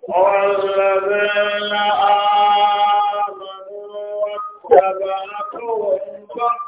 Speaker 2: والذين آمنوا واتبعتهم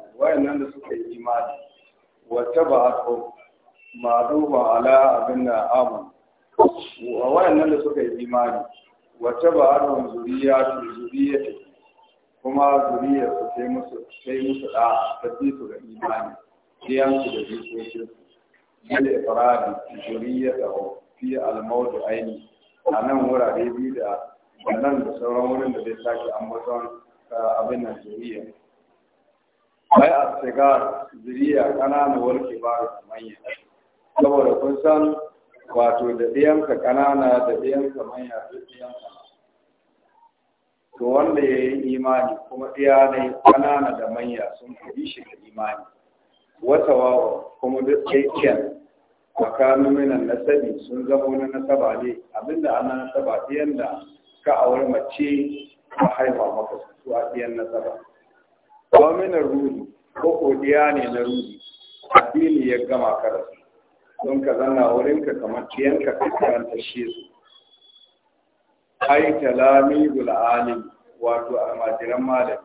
Speaker 1: wayannan da suka yi imani wata ba hako ma'aduba ala abin da amun wayannan da suka yi imani wata ba ko zuriya zuriya ta kuma zuriya su sai musu kai musu da ta fi su ga imani ɗiyan su da jikokin su yadda ifiradi zuriya da fi almaudu aini a nan wurare biyu da nan da sauran wurin da zai sake ambaton eh, abin nan zuriya ai a shiga ziriya kanana warke ba da manya saboda kun san wato da ɗiyanka ƙanana da ɗiyanka manya duk ɗiyanka to wanda ya yi imani kuma ɗiya ne ƙanana da manya sun fi shi da imani wata wawa kuma duk kyakkyan tsakanin minan nasabi sun zama na nasaba ne abinda ana nasaba ɗiyan da ka aure mace a haifa maka su a ɗiyan nasaba wa min ruhi ko kodiya ne na ruhi fili ya gama karatu don ka zanna wurin ka kamar ɗiyanka ka karanta shi su Aita lami alim wato majiran Malam,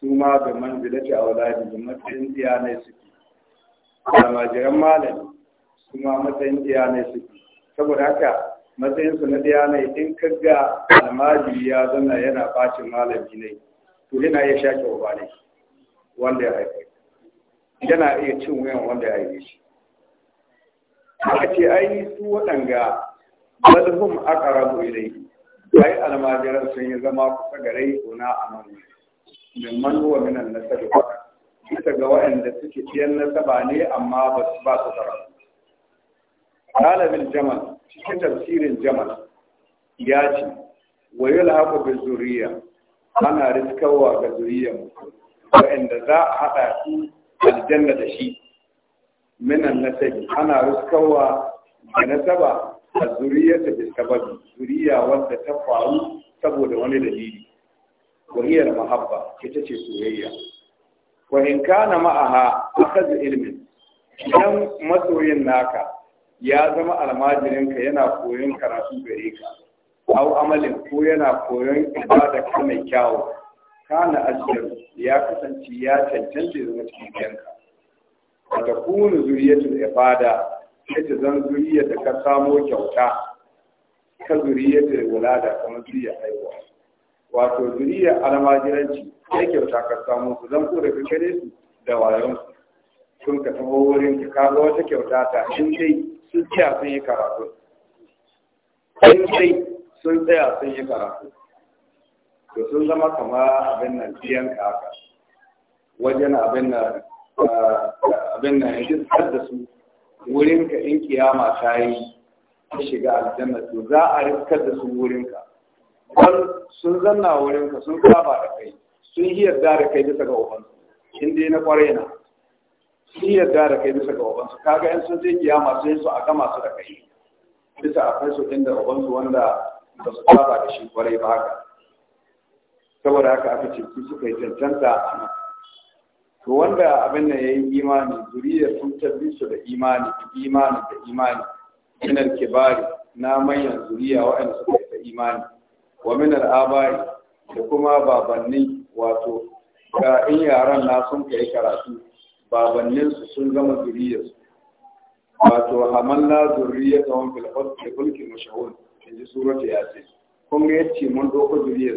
Speaker 1: su ma bi a auladi bi matsayin tsiyanai suke majiran Malam su ma matsayin tsiyanai suke saboda haka matsayin su na tsiyanai in kagga almajiri ya zanna yana bacin malam ne to yana iya shaƙe wa bane wanda ya haife yana iya cin wuyan wanda ya haife shi aka ce ai su waɗanga balhum aqrabu ilayhi ai almajiran sun yi zama kusa gare na amanu min man huwa min an-nasab bisa ga waɗanda suke ciyan nasaba ne amma ba su ba su karatu ɗalibin jamal cikin tafsirin jamal ya ce wa yulhaqu bi ana riskawa ga zuriyar waɗanda za a haɗa su aljanna da shi minan nasabi ana riskawa da nasaba a zuriyar da bisababi zuriya wadda ta faru saboda wani dalili wahiyar mahabba ita ce soyayya wa in kana ma'aha akaz ilmin idan masoyin naka ya zama almajirinka yana koyon karatu gare ka au amalin ko yana koyon ibada ka mai kyawu kana ajiyar ya kasance ya cancanta ya zama cikin yanka wata kuna zuriyatul ibada yace zan zuriya da ka samo kyauta ka zuriyatul wulada kamar zuriyar haihuwa wato zuriyar almajiranci ya kyauta ka samo su zan ko da kare su da wayon sun ka taho wurin ka kaga wata kyauta ta in dai sun ciya sun yi karatu in dai sun tsaya sun yi karatu to sun zama kama abin nan biyan haka wajen abin nan ah, abin nan yanzu da su wurin ka in kiyama ta yi ta shiga aljanna to za a riskar da su wurin ka don sun zanna wurin ka sun saba da kai sun yi yarda da kai bisa ga ubansu in dai na kwarai na sun yi yarda da kai bisa ga ubansu kaga in sun je kiyama sai su a gama su da kai bisa a kai su inda ubansu wanda ba su saba da shi kwarai ba haka saboda haka aka ce su suka yi cancanta a nan to wanda abin nan ya yi imani zuriyar sun tabbi su da imani imani da imani minar kibari na manyan zuriya waɗanda suka yi da imani wa minar abari da kuma babanni wato ga in yaran na sun kai karatu babanninsu sun zama zuriyarsu wato hamanna zuriyatahum da hulki mashhur in ji ya ce kun ga yace mun doko zuriyar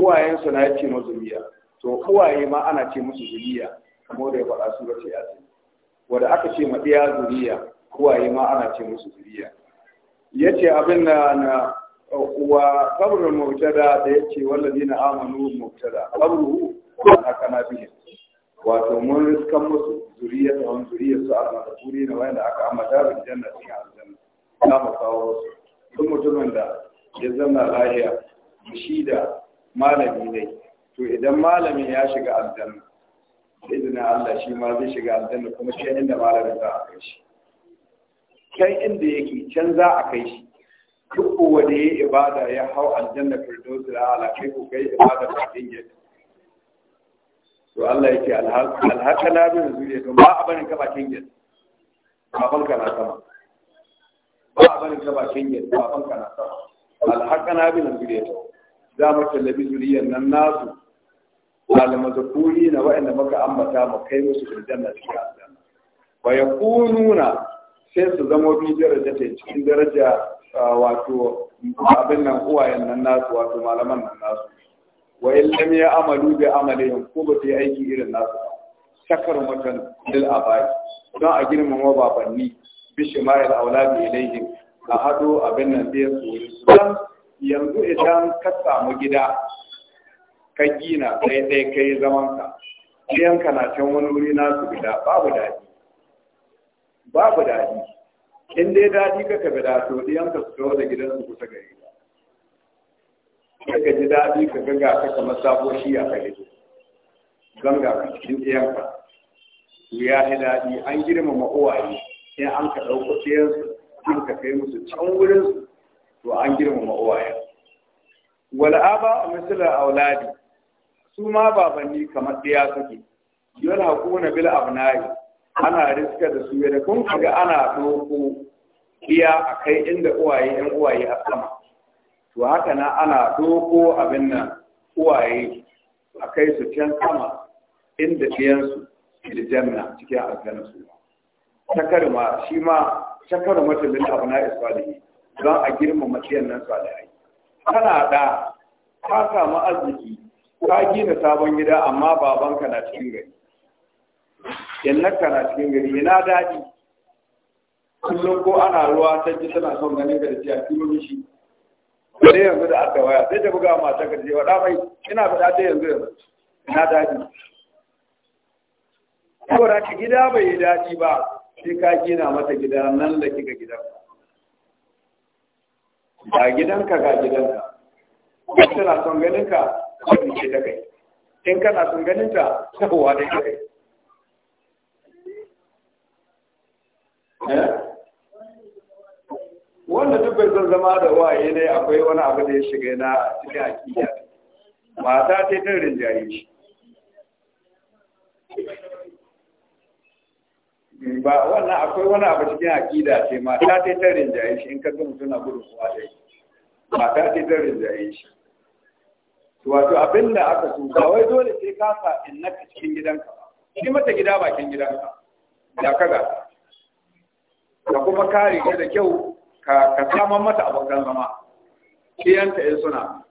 Speaker 1: uwayen su na yace mu zuriya to uwaye ma ana ce musu zuriya kamar da ya faɗa ya ce wanda aka ce ma iya zuriya uwaye ma ana ce musu zuriya yace abin da na wa kabrul mubtada da yace na amanu mubtada kabruhu ana kana bihi wato mun riskan musu zuriyar da wani zuriyar su a na wanda aka amata da janna cikin aljanna za mu kawo su duk mutumin da ya zama lahiya shi da malami ne to idan malamin ya shiga aljanna da izinin Allah shi ma zai shiga aljanna kuma can inda malamin za a kai shi can inda yake can za a kai shi duk wanda ya ibada ya hau aljanna firdausi da ala kai ko kai ibada ta dinge to Allah yake alhaka na bin zuriya to ba a barin ka bakin gid ba falka na sama ba a barin ta bakin gida baban kana sama alhaqana bi zuriyati za mu tallabi zuriyar nan nasu almazkuri na wa'anda muka ambata mu kai musu aljanna cikin aljanna wa yakununa sai su zama bi daraja ta cikin daraja wato abin nan uwayen nan nasu wato malaman nan nasu wa in lam ya'malu bi amalihim ko ba su yi aiki irin nasu sakar matan lil abai don a girmama babanni bishimayar aulabi ilaihi a hado abin nan zai tsori su dan yanzu idan ka samu gida ka gina sai dai kai zaman ka ɗayan ka na can wani wuri nasu gida babu daɗi babu daɗi in dai daɗi ka ka gida to ɗayan ka su da gidan su kusa gari ka ji daɗi ka ga ga ka kamar sabo shi a kai ganga cikin ɗayan ka ya yi daɗi an girmama uwaye sai an ka ɗauko ɗayansu an ka kai musu can wurinsu to an girmama uwaye wal aba misla auladi su ma babanni kamar ɗaya suke yal hakuna bil abnai ana riska da su da kun kaga ana ɗauko ɗiya a kai inda uwaye ɗan uwaye a sama to haka na ana ɗauko abin nan uwaye a kai su can sama inda ɗiyansu aljanna cikin aljanna su ba takarma shi ma shakarma ta lil abna isbali don a girmama matsayin nan salihai kana da ka samu arziki ka gina sabon gida amma babanka na cikin gari yannaka na cikin gari yana daɗi kullum ko ana ruwa ta ji tana son ganin ka da ciya kilo mishi sai yanzu da aka waya sai ta buga mata ka je waɗa mai ina faɗa ta yanzu yanzu ina daɗi ko da ka gida bai yi daɗi ba shi ka gina mata gida nan da kika gidanka ga gidanka ga gidanka in tana son ganinka wani ce da kai in kana son ganinta saboda da kai eh? wanda duk bai zan zama da waye ne akwai wani abu da ya shiga na cikin akida mata ta yi ta rinjaye ba wannan akwai wani abu cikin aƙida ce mata ta ta rinjaye shi in ka ga mutum na gudun kuwa dai mata ta ta rinjaye shi wato abin da aka so ba wai dole sai ka sa inna ka cikin gidanka ba shi mata gida bakin gidanka da ka ga ka kuma kare ka da kyau ka ka saman mata abokan zama Kiyanta in suna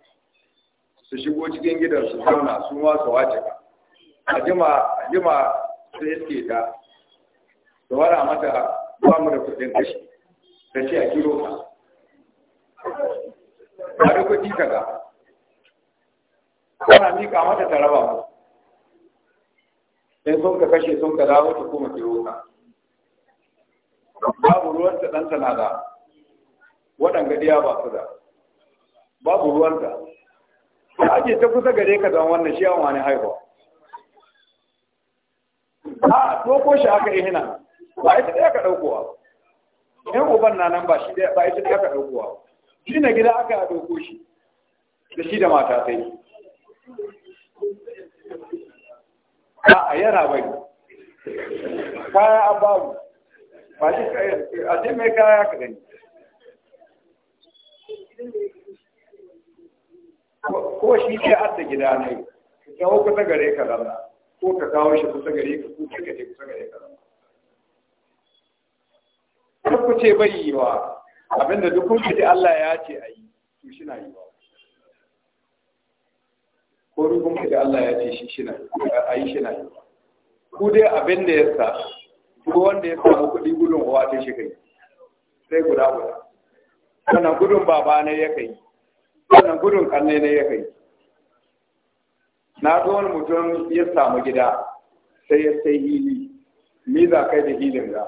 Speaker 1: su shigo cikin gidan su zauna su ma su wace ka a jima a jima sai iske ta da mata ba mu da kuɗin kashi da ce a kiro ka ba da kuɗi ka ga kana miƙa mata ta raba mu in sun ka kashe sun ka dawo ta kuma kiro ka babu ruwanta ɗan da waɗanda ɗiya ba su da babu ruwan ta ake ta kusa gare ka don wannan shi yawon wani haihuwa a ko shi aka yi hina ba ita ɗaya ka ɗaukowa ɗan uban na nan ba shi ɗaya ba ita ɗaya ka ɗaukowa shi na gida aka a ɗauko shi da shi da mata ta yi a yana bai kaya an babu ba shi a ce mai kaya ka gani ko shi ke adda gida ne ka kawo kusa gare ka zama ko ka kawo shi kusa gare ka ko ka kusa gare ka zama duk kuce bai yi wa abinda duk kuce da Allah ya ce a yi shi na yi wa ko duk kuce da Allah ya ce shi shi na a yi shi na yi wa ku dai abinda ya sa ko wanda ya samu kuɗi gudun uwa ta shi kai sai guda guda sannan gudun baba ne ya kai sannan gudun kanne ne ya kai na ga wani mutum ya samu gida sai ya sai hili ni za kai da hilin ga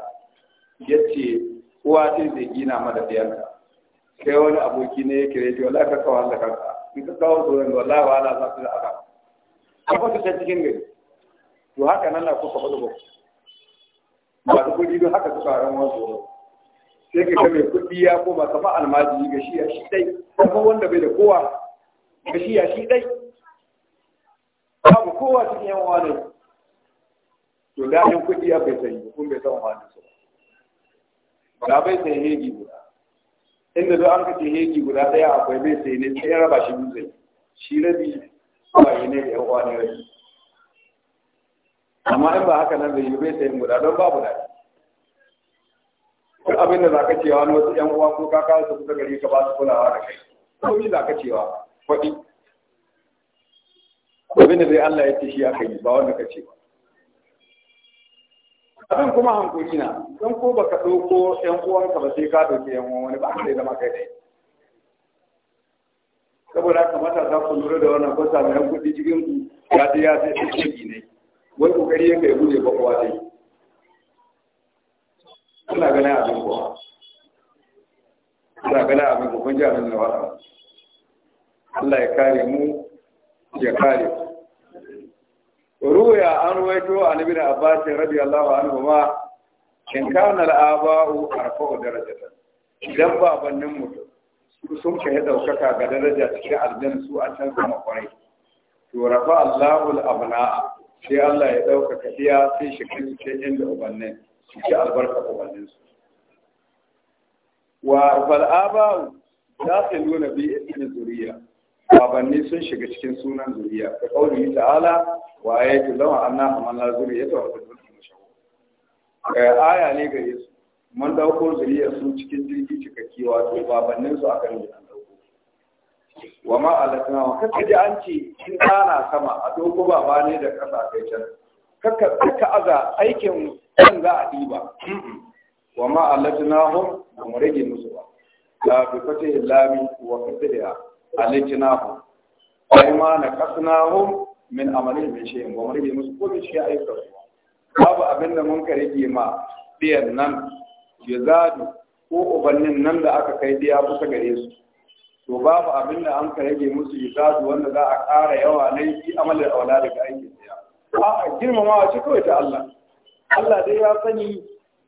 Speaker 1: ya ce kowa sai zai gina mana ɗiyarka kai wani aboki ne ya kire ce laifin ka kawo Allah kanka in ka kawo tsoron da wallahi wahala za su da aka an fasa ta cikin gari to haka nan na kuka faɗi ba Ba su kuɗi don haka suka ran wani tsoro sai ka kame kudi kuɗi ya koma kafa almaji ga shi ya shi ɗai kuma wanda bai da kowa ga shi ya shi ɗai babu kowa cikin yan wani to da yan kuɗi ya bai sani kun bai san wani ba ga bai sai hegi guda inda zo an kace hegi guda daya akwai bai sai ne sai raba shi biyu zai shi rabi ba yi ne da yan uwa ne rabi amma in ba haka nan zai yi bai sai guda don babu da duk abin da zaka cewa wani wasu yan uwa ko kaka su kuka gari ka ba su kulawa da kai komai zaka cewa faɗi abin da zai Allah ya ce shi aka yi ba wanda ka ce ba abin kuma hankuri na don ko baka ɗauko ƴan ka ba sai ka ɗauki ƴan uwan wani ba a sai zama kai ne saboda haka matasa ku lura da wannan kwasa mai yan kuɗi cikin ku ya ce ya sai ɗan ciki ne wai kokari yake ya guje bakwa dai kuna ganin abin kuwa kuna ganin abin ku kun ji abin da wata Allah ya kare mu ya kare ruya an ruwaito an ibn abbas radiyallahu anhu ma in kana al-aba'u arfa'u darajatan idan ba babannin mutum su sun kai daukaka ga daraja cikin aljanna su a can sama kwarai to rafa Allah al-abna'a sai Allah ya daukaka iya sai shi kan ce inda ubannin su ci albarka ubannin su wa fal aba'u za su nuna bi ismi zuriya babanni sun shiga cikin sunan zuriya da kauli ta'ala wa ayatu lahu anna man ya zuriyata wa qad mashahur eh, aya ne ga Yesu. mun dauko zuriya su cikin jirgi cikakki wato babannin su akan yi an dauko wa ma alatna wa kaka ji an ce in dana sama a dauko baba ne da kasa kai can kaka kaka aza aikin kan za a diba wa ma alatna hum da mu rage musu ba la bi fatih lami wa qadriha alikinahu wa ma na kasnahu min amalin min shay'in wa marbi musu ko min shay'in babu abinda mun ka rage ma diyan nan yazadu ko ubannin nan da aka kai diya kusa gare su to babu abinda an ka rage musu yazadu wanda za a ƙara yawa ne fi amalin aula daga aikin diya a girmamawa ce kawai ta Allah Allah dai ya sani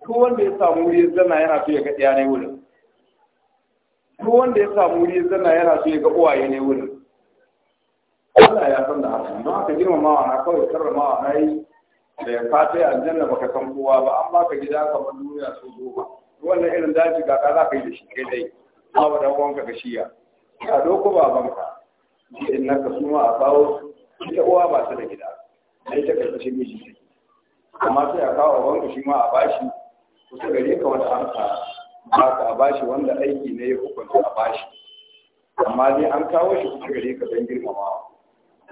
Speaker 1: ko wanda ya samu wuri zana yana fiye ga diya ne wurin duk wanda ya samu wuri zana yana so ya ga uwaye ne wurin Allah ya san da haka don haka wa na kawai wa na yi da ya fata aljanna baka san kowa ba an baka gida ka ba, duniya so goma wannan irin daji ga ka za ka yi da shi kai dai ba da wanka ga shiya ka doko babanka in naka suma a kawo ita uwa ba ta da gida sai ta karkashin miji amma sai a kawo wanka shi ma a bashi kusa gare ka wata amsa ba a bashi wanda aiki ne ya hukunta a bashi amma dai an kawo shi kusa gare ka don girmamawa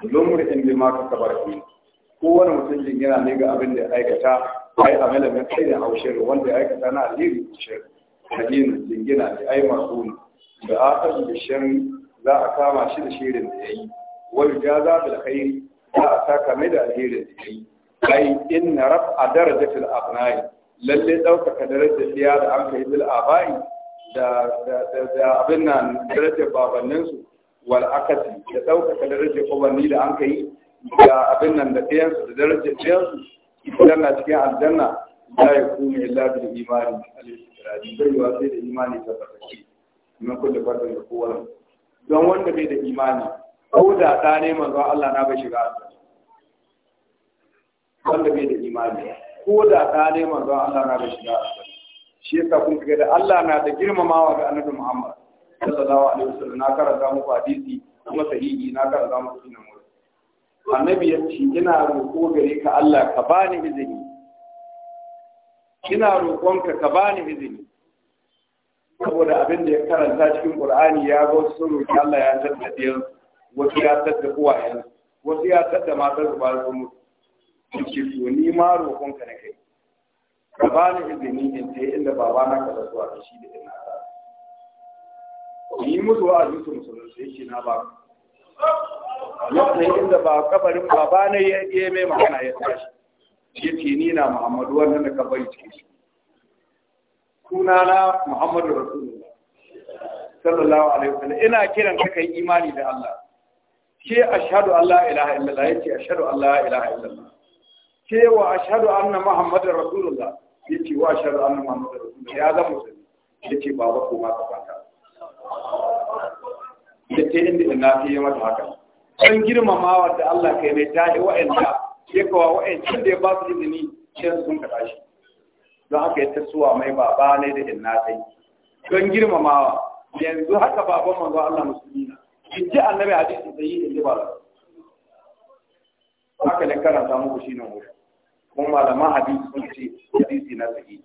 Speaker 1: lomar in bi ma ka kabar ne kowane mutum jingina ne ga abin da ya aikata ai a mai kai da haushin wanda ya aikata na alheri shir hadin jingina ne ai masu ne da yi da shirin za a kama shi da shirin da ya yi wani ja za da kai za a saka mai da alherin da ya yi ai in na raf a darajatul abnai lalle ɗaukaka darajar diya da an kai bil abai da da abin nan darajar babanninsu wal akasi da ɗaukaka darajar ubanni da an kai da abin nan da ɗayansu da darajar ɗayansu na cikin aljanna la yakunu kuma bil imani da imani. bai wa sai da imani tabbatacce min kulli fardin da kowa don wanda bai da imani ko da ɗa ne manzo Allah na bai shiga aljanna wanda bai da imani ko da ta ne manzon Allah na da shiga aljanna shi yasa kun ga da Allah na da girmamawa ga annabi Muhammad sallallahu alaihi wasallam na karanta muku hadisi kuma sahihi na karanta muku sunan mu annabi ya ce ina roƙo gare ka Allah ka bani izini ina roƙonka ka bani izini saboda abin da ya karanta cikin Qur'ani ya ga wasu roƙi Allah ya tattaɗe wasu ya tattaɗe uwayen wasu ya tattaɗe matar ba su mutu yake so ni ma roƙon ka na kai ka ba ni izini in je inda baba na ka zuwa da shi da ina ta Ni musu wa'azi su musulunci shi na ba yadda inda ba kabarin baba ne ya yi mai magana ya tashi ce ni na muhammadu wannan da ka bari cikin shi sunana muhammadu rasulullah sallallahu alaihi wasallam ina kiran ka kai imani da Allah ke ashhadu an la ilaha illallah yace ashhadu an la ilaha illallah sai wa ashhadu anna muhammadar rasulullah ce wa ashhadu anna muhammadar rasulullah ya zama musulmi ce ba ko ma ka fata yace inda ina fi mata haka dan girmamawa da Allah kai mai tahi wa'anda ya kawo wa'ancin da ya ba su izini sai sun kada shi don haka ya tasowa mai ba ne da inna sai don girmamawa yanzu haka baban manzo Allah musulmi na in ji annabi hadisi sai yi in ji ba haka ne karanta muku shi nan wuri kuma malaman hadisi sun ce hadisi na sahi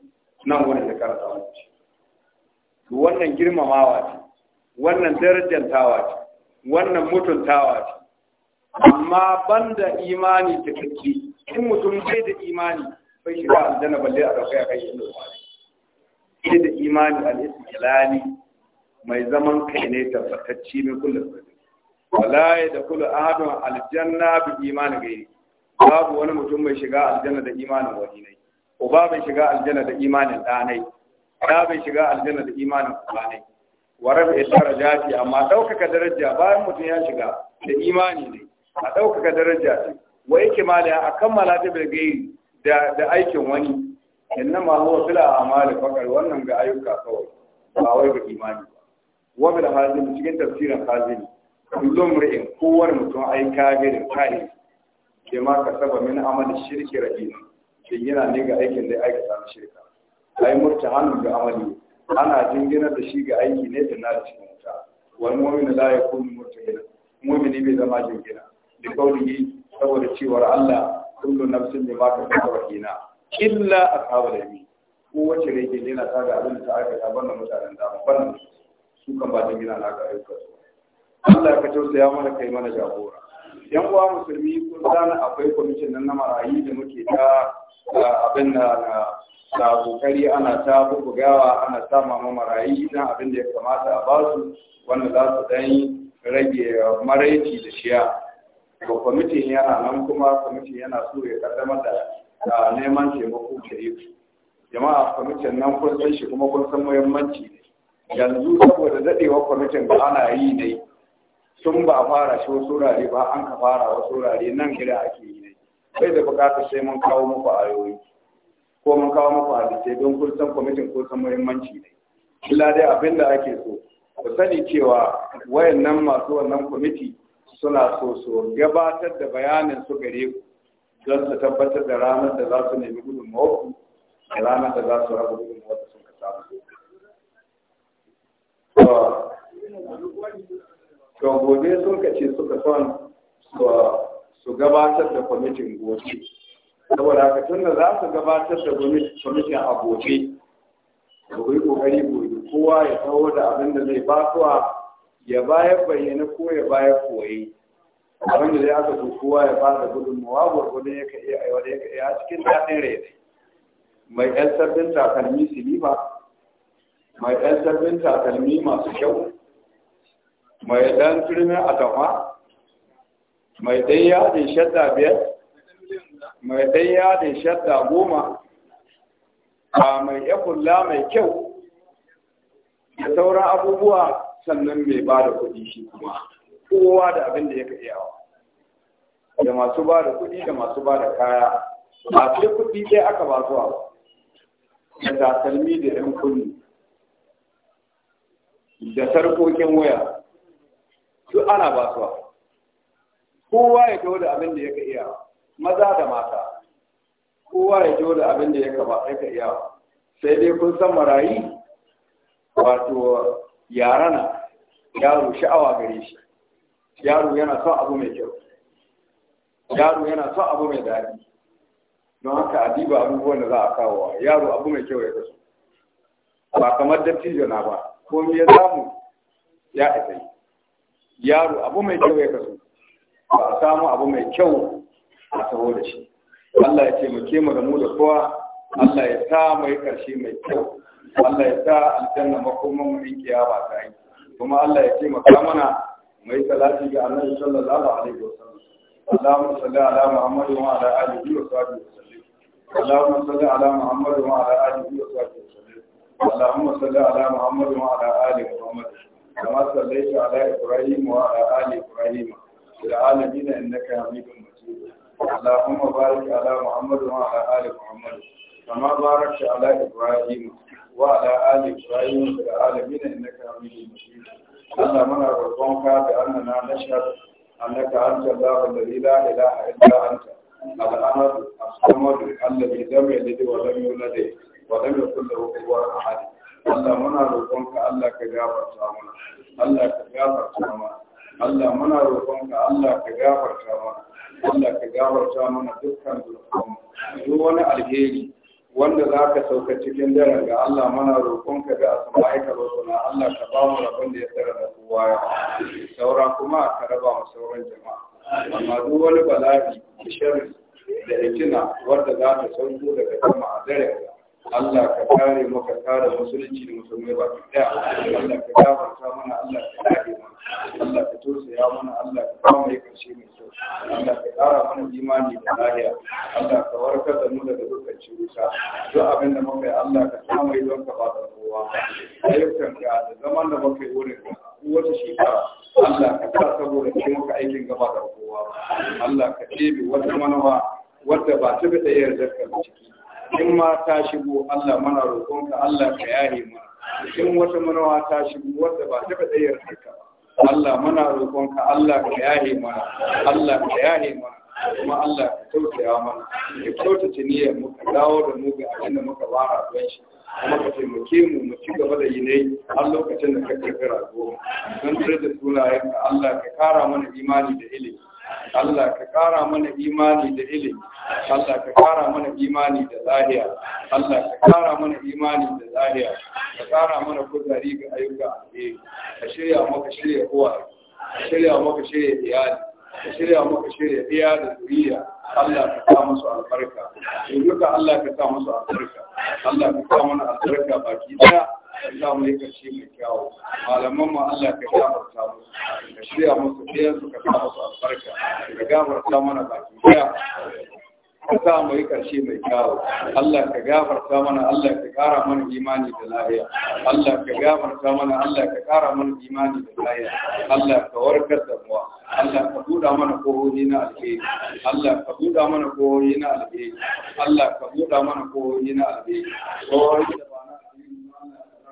Speaker 1: nan wani da karanta wani to wannan girmamawa ce wannan darajantawa ce wannan mutuntawa ce amma banda imani ta kake in mutum bai da imani bai shiga aljanna balle a ɗauka ya kai shi ne da imani al-istilani mai zaman kai ne tabbatacci mai kullum wala ya da kullu ahadun aljanna bi imani gairi babu wani mutum mai shiga aljanna da imanin wani ne uba bai shiga aljanna da imanin ɗanai ɗa bai shiga aljanna da imanin kubanai wa rabi jati amma ɗaukaka daraja bayan mutum ya shiga da imani ne a ɗaukaka daraja ce wa yake mali a kammala ta bai da da aikin wani inna ma huwa fil a'mali faqar wannan ga ayyuka kawai ba wai ga imani ba wa bil hadin cikin tafsirin hadin kullum ri'in kowar mutum ai kafirin kai ke ma ka saba min amali shirki rahim ke yana ne ga aikin da aika na shirka ai murta hannu ga amali ana jingina da shi ga aiki ne da na cikin wuta wal mu'minu la yakunu murtahina mu'mini bai zama jingina da yi saboda cewar Allah kullu nafsin bima kasabat rahina illa ashabul yamin ko wace ke yana ta ga abin da ta aikata banda mutanen da banda su kan ba jingina na ga ayyukan Allah ka tausaya mana kai mana jagora yan uwa musulmi kun sani akwai kwamishin nan na marayi da muke ta abin da na kokari ana ta bugawa ana ta mama marayi dan abin da ya kamata a basu wanda za su dan rage maraici da shiya to kwamitin yana nan kuma kwamitin yana so ya kaddamar da neman taimako da yi jama'a kwamitin nan kun san shi kuma kun san muhimmanci yanzu saboda daɗewar kwamitin da ana yi ne sun ba a fara shi wasu rari ba an ka fara wasu rari nan gida ake yi ne bai da bukatar sai mun kawo muku ayoyi ko mun kawo muku hadisai don kun kwamitin ko san muhimmanci ne illa dai abin da ake so ku sani cewa wayannan masu wannan kwamiti suna so su gabatar da bayanin su gare ku don su tabbatar da ranar da za su nemi gudunmawarku da ranar da za su raba gudunmawar da sun ka samu. to gobe sun kace suka son su gabatar da kwamitin gobe saboda haka tun da za su gabatar da kwamitin a gobe da kuri kokari gobe kowa ya kawo da abin da zai basuwa ya baya bayyana ko ya baya koyi abin da zai aka so kowa ya ba da gudunmawa gwargwadon ya ka iya aiwata ya kai a cikin daɗin rai mai ɗan sabbin takalmi silima mai ɗan sabbin takalmi masu kyau mai dan turmi a tafa mai dan yadin shadda biyar mai dan yadin shadda goma a mai yakulla mai kyau da sauran abubuwa sannan mai ba da kuɗi shi kuma kowa da abin da ya ka iyawa da masu ba da kuɗi da masu ba da kaya A sai kuɗi ɗaya aka ba zuwa da da 'yan kunni da sarkokin waya duk ana ba su kowa ya jo da abin da yake iya maza da mata kowa ya jo da abin da yake ba iya sai dai kun san marayi wato yarana yaro sha'awa gare shi yaro yana son abu mai kyau yaro yana son abu mai daɗi don haka a diba abubuwan da za a kawo yaro abu mai kyau ya kasu ba kamar dattijo na ba ko me ya samu ya isa yi yaro abu mai kyau ya kasu. ba a samu abu mai kyau a taho da shi Allah ya taimake mu da mu da kowa Allah ya sa mai karshe mai kyau Allah ya sa aljanna makoman mu in ba ta yi kuma Allah ya taimaka mana mu yi salati ga Annabi sallallahu alaihi wasallam Allahumma salli ala Muhammad wa ala alihi wa sahbihi wasallam Allahumma salli ala Muhammad wa ala alihi wa sahbihi wasallam Allahumma salli ala Muhammad كما صليت على إبراهيم وعلى آل إبراهيم في العالمين إنك حميد مجيد اللهم بارك على محمد وعلى آل محمد كما باركت على إبراهيم وعلى آل إبراهيم في العالمين إنك حميد مجيد اللهم نرجوك بأننا نشهد أنك أنت الله الذي لا إله إلا أنت الأحد الصمد الذي لم يلد ولم يولد ولم يكن له كفوا أحد Allah muna roƙonka Allah ka gafarta mana Allah ka gafarta mana Allah muna roƙonka Allah ka gafarta mana Allah ka gafarta mana dukkan zurfin duk wani alheri wanda za ka sauka cikin daren ga Allah muna roƙonka da asma'ika rasuna Allah ka ba mu rabon da ya tsara da kowa ya saura kuma ka raba mu sauran jama'a amma duk wani bala'i da sharri da hikima wanda za ta sauko daga jama'a a daren Allah ka kare mu ka kare musulunci da musulmai ba su daya Allah ka gafarta mana Allah ka kare mu Allah ka tausaya mana Allah ka kawo mai karshe mai kyau Allah ka kara mana imani da lahiya Allah ka warkar da mu daga dukkan cuta duk abin da muka yi Allah ka kawo mai don ka ba kowa ayyukan ka da zaman da muka yi wurin ka wata shekara Allah ka sa saboda ke muka aikin gaba da kowa Allah ka ɗebe wata manawa wadda ba ta bi da yarda ciki in ma ta shigo Allah mana ka Allah ka yaye mana in wata manawa ta shigo wanda ba ta faɗa yarda Allah mana ka Allah ka yaye mana Allah ka yaye mana kuma Allah ka tausaya mana ka kyautata niyyar mu ka dawo da mu ga abin da muka fara don shi kuma ka taimake mu mu ci gaba da yi ne har lokacin da ka karfi rayuwa don da sunayen ka Allah ka kara mana imani da ilimi Allah ka ƙara mana imani da ilimi Allah ka ƙara mana imani da lahiya Allah ka ƙara mana imani da lahiya ka ƙara mana kuzari ga ayyuka alheri ka shirya maka shirya uwa ka shirya maka shirya iyali ka shirya maka shirya iya da zuriya Allah ka sa musu albarka in duka Allah ka sa musu albarka Allah ka sa mana albarka baki daya Allah mai karshe mai kyawu malaman mu Allah ka gafarta musu ka shirya musu ɗayan su ka sa musu albarka ka gafarta mana baki daya ka sa mu yi ƙarshe mai kyawu Allah ka gafarta mana Allah ka ƙara mana imani da lahiya Allah ka gafarta mana Allah ka ƙara mana imani da lahiya Allah ka warkar da mu Allah ka buɗa mana kohohi na alheri Allah ka buɗa mana kohohi na alheri Allah ka buɗa mana kohohi na
Speaker 2: alheri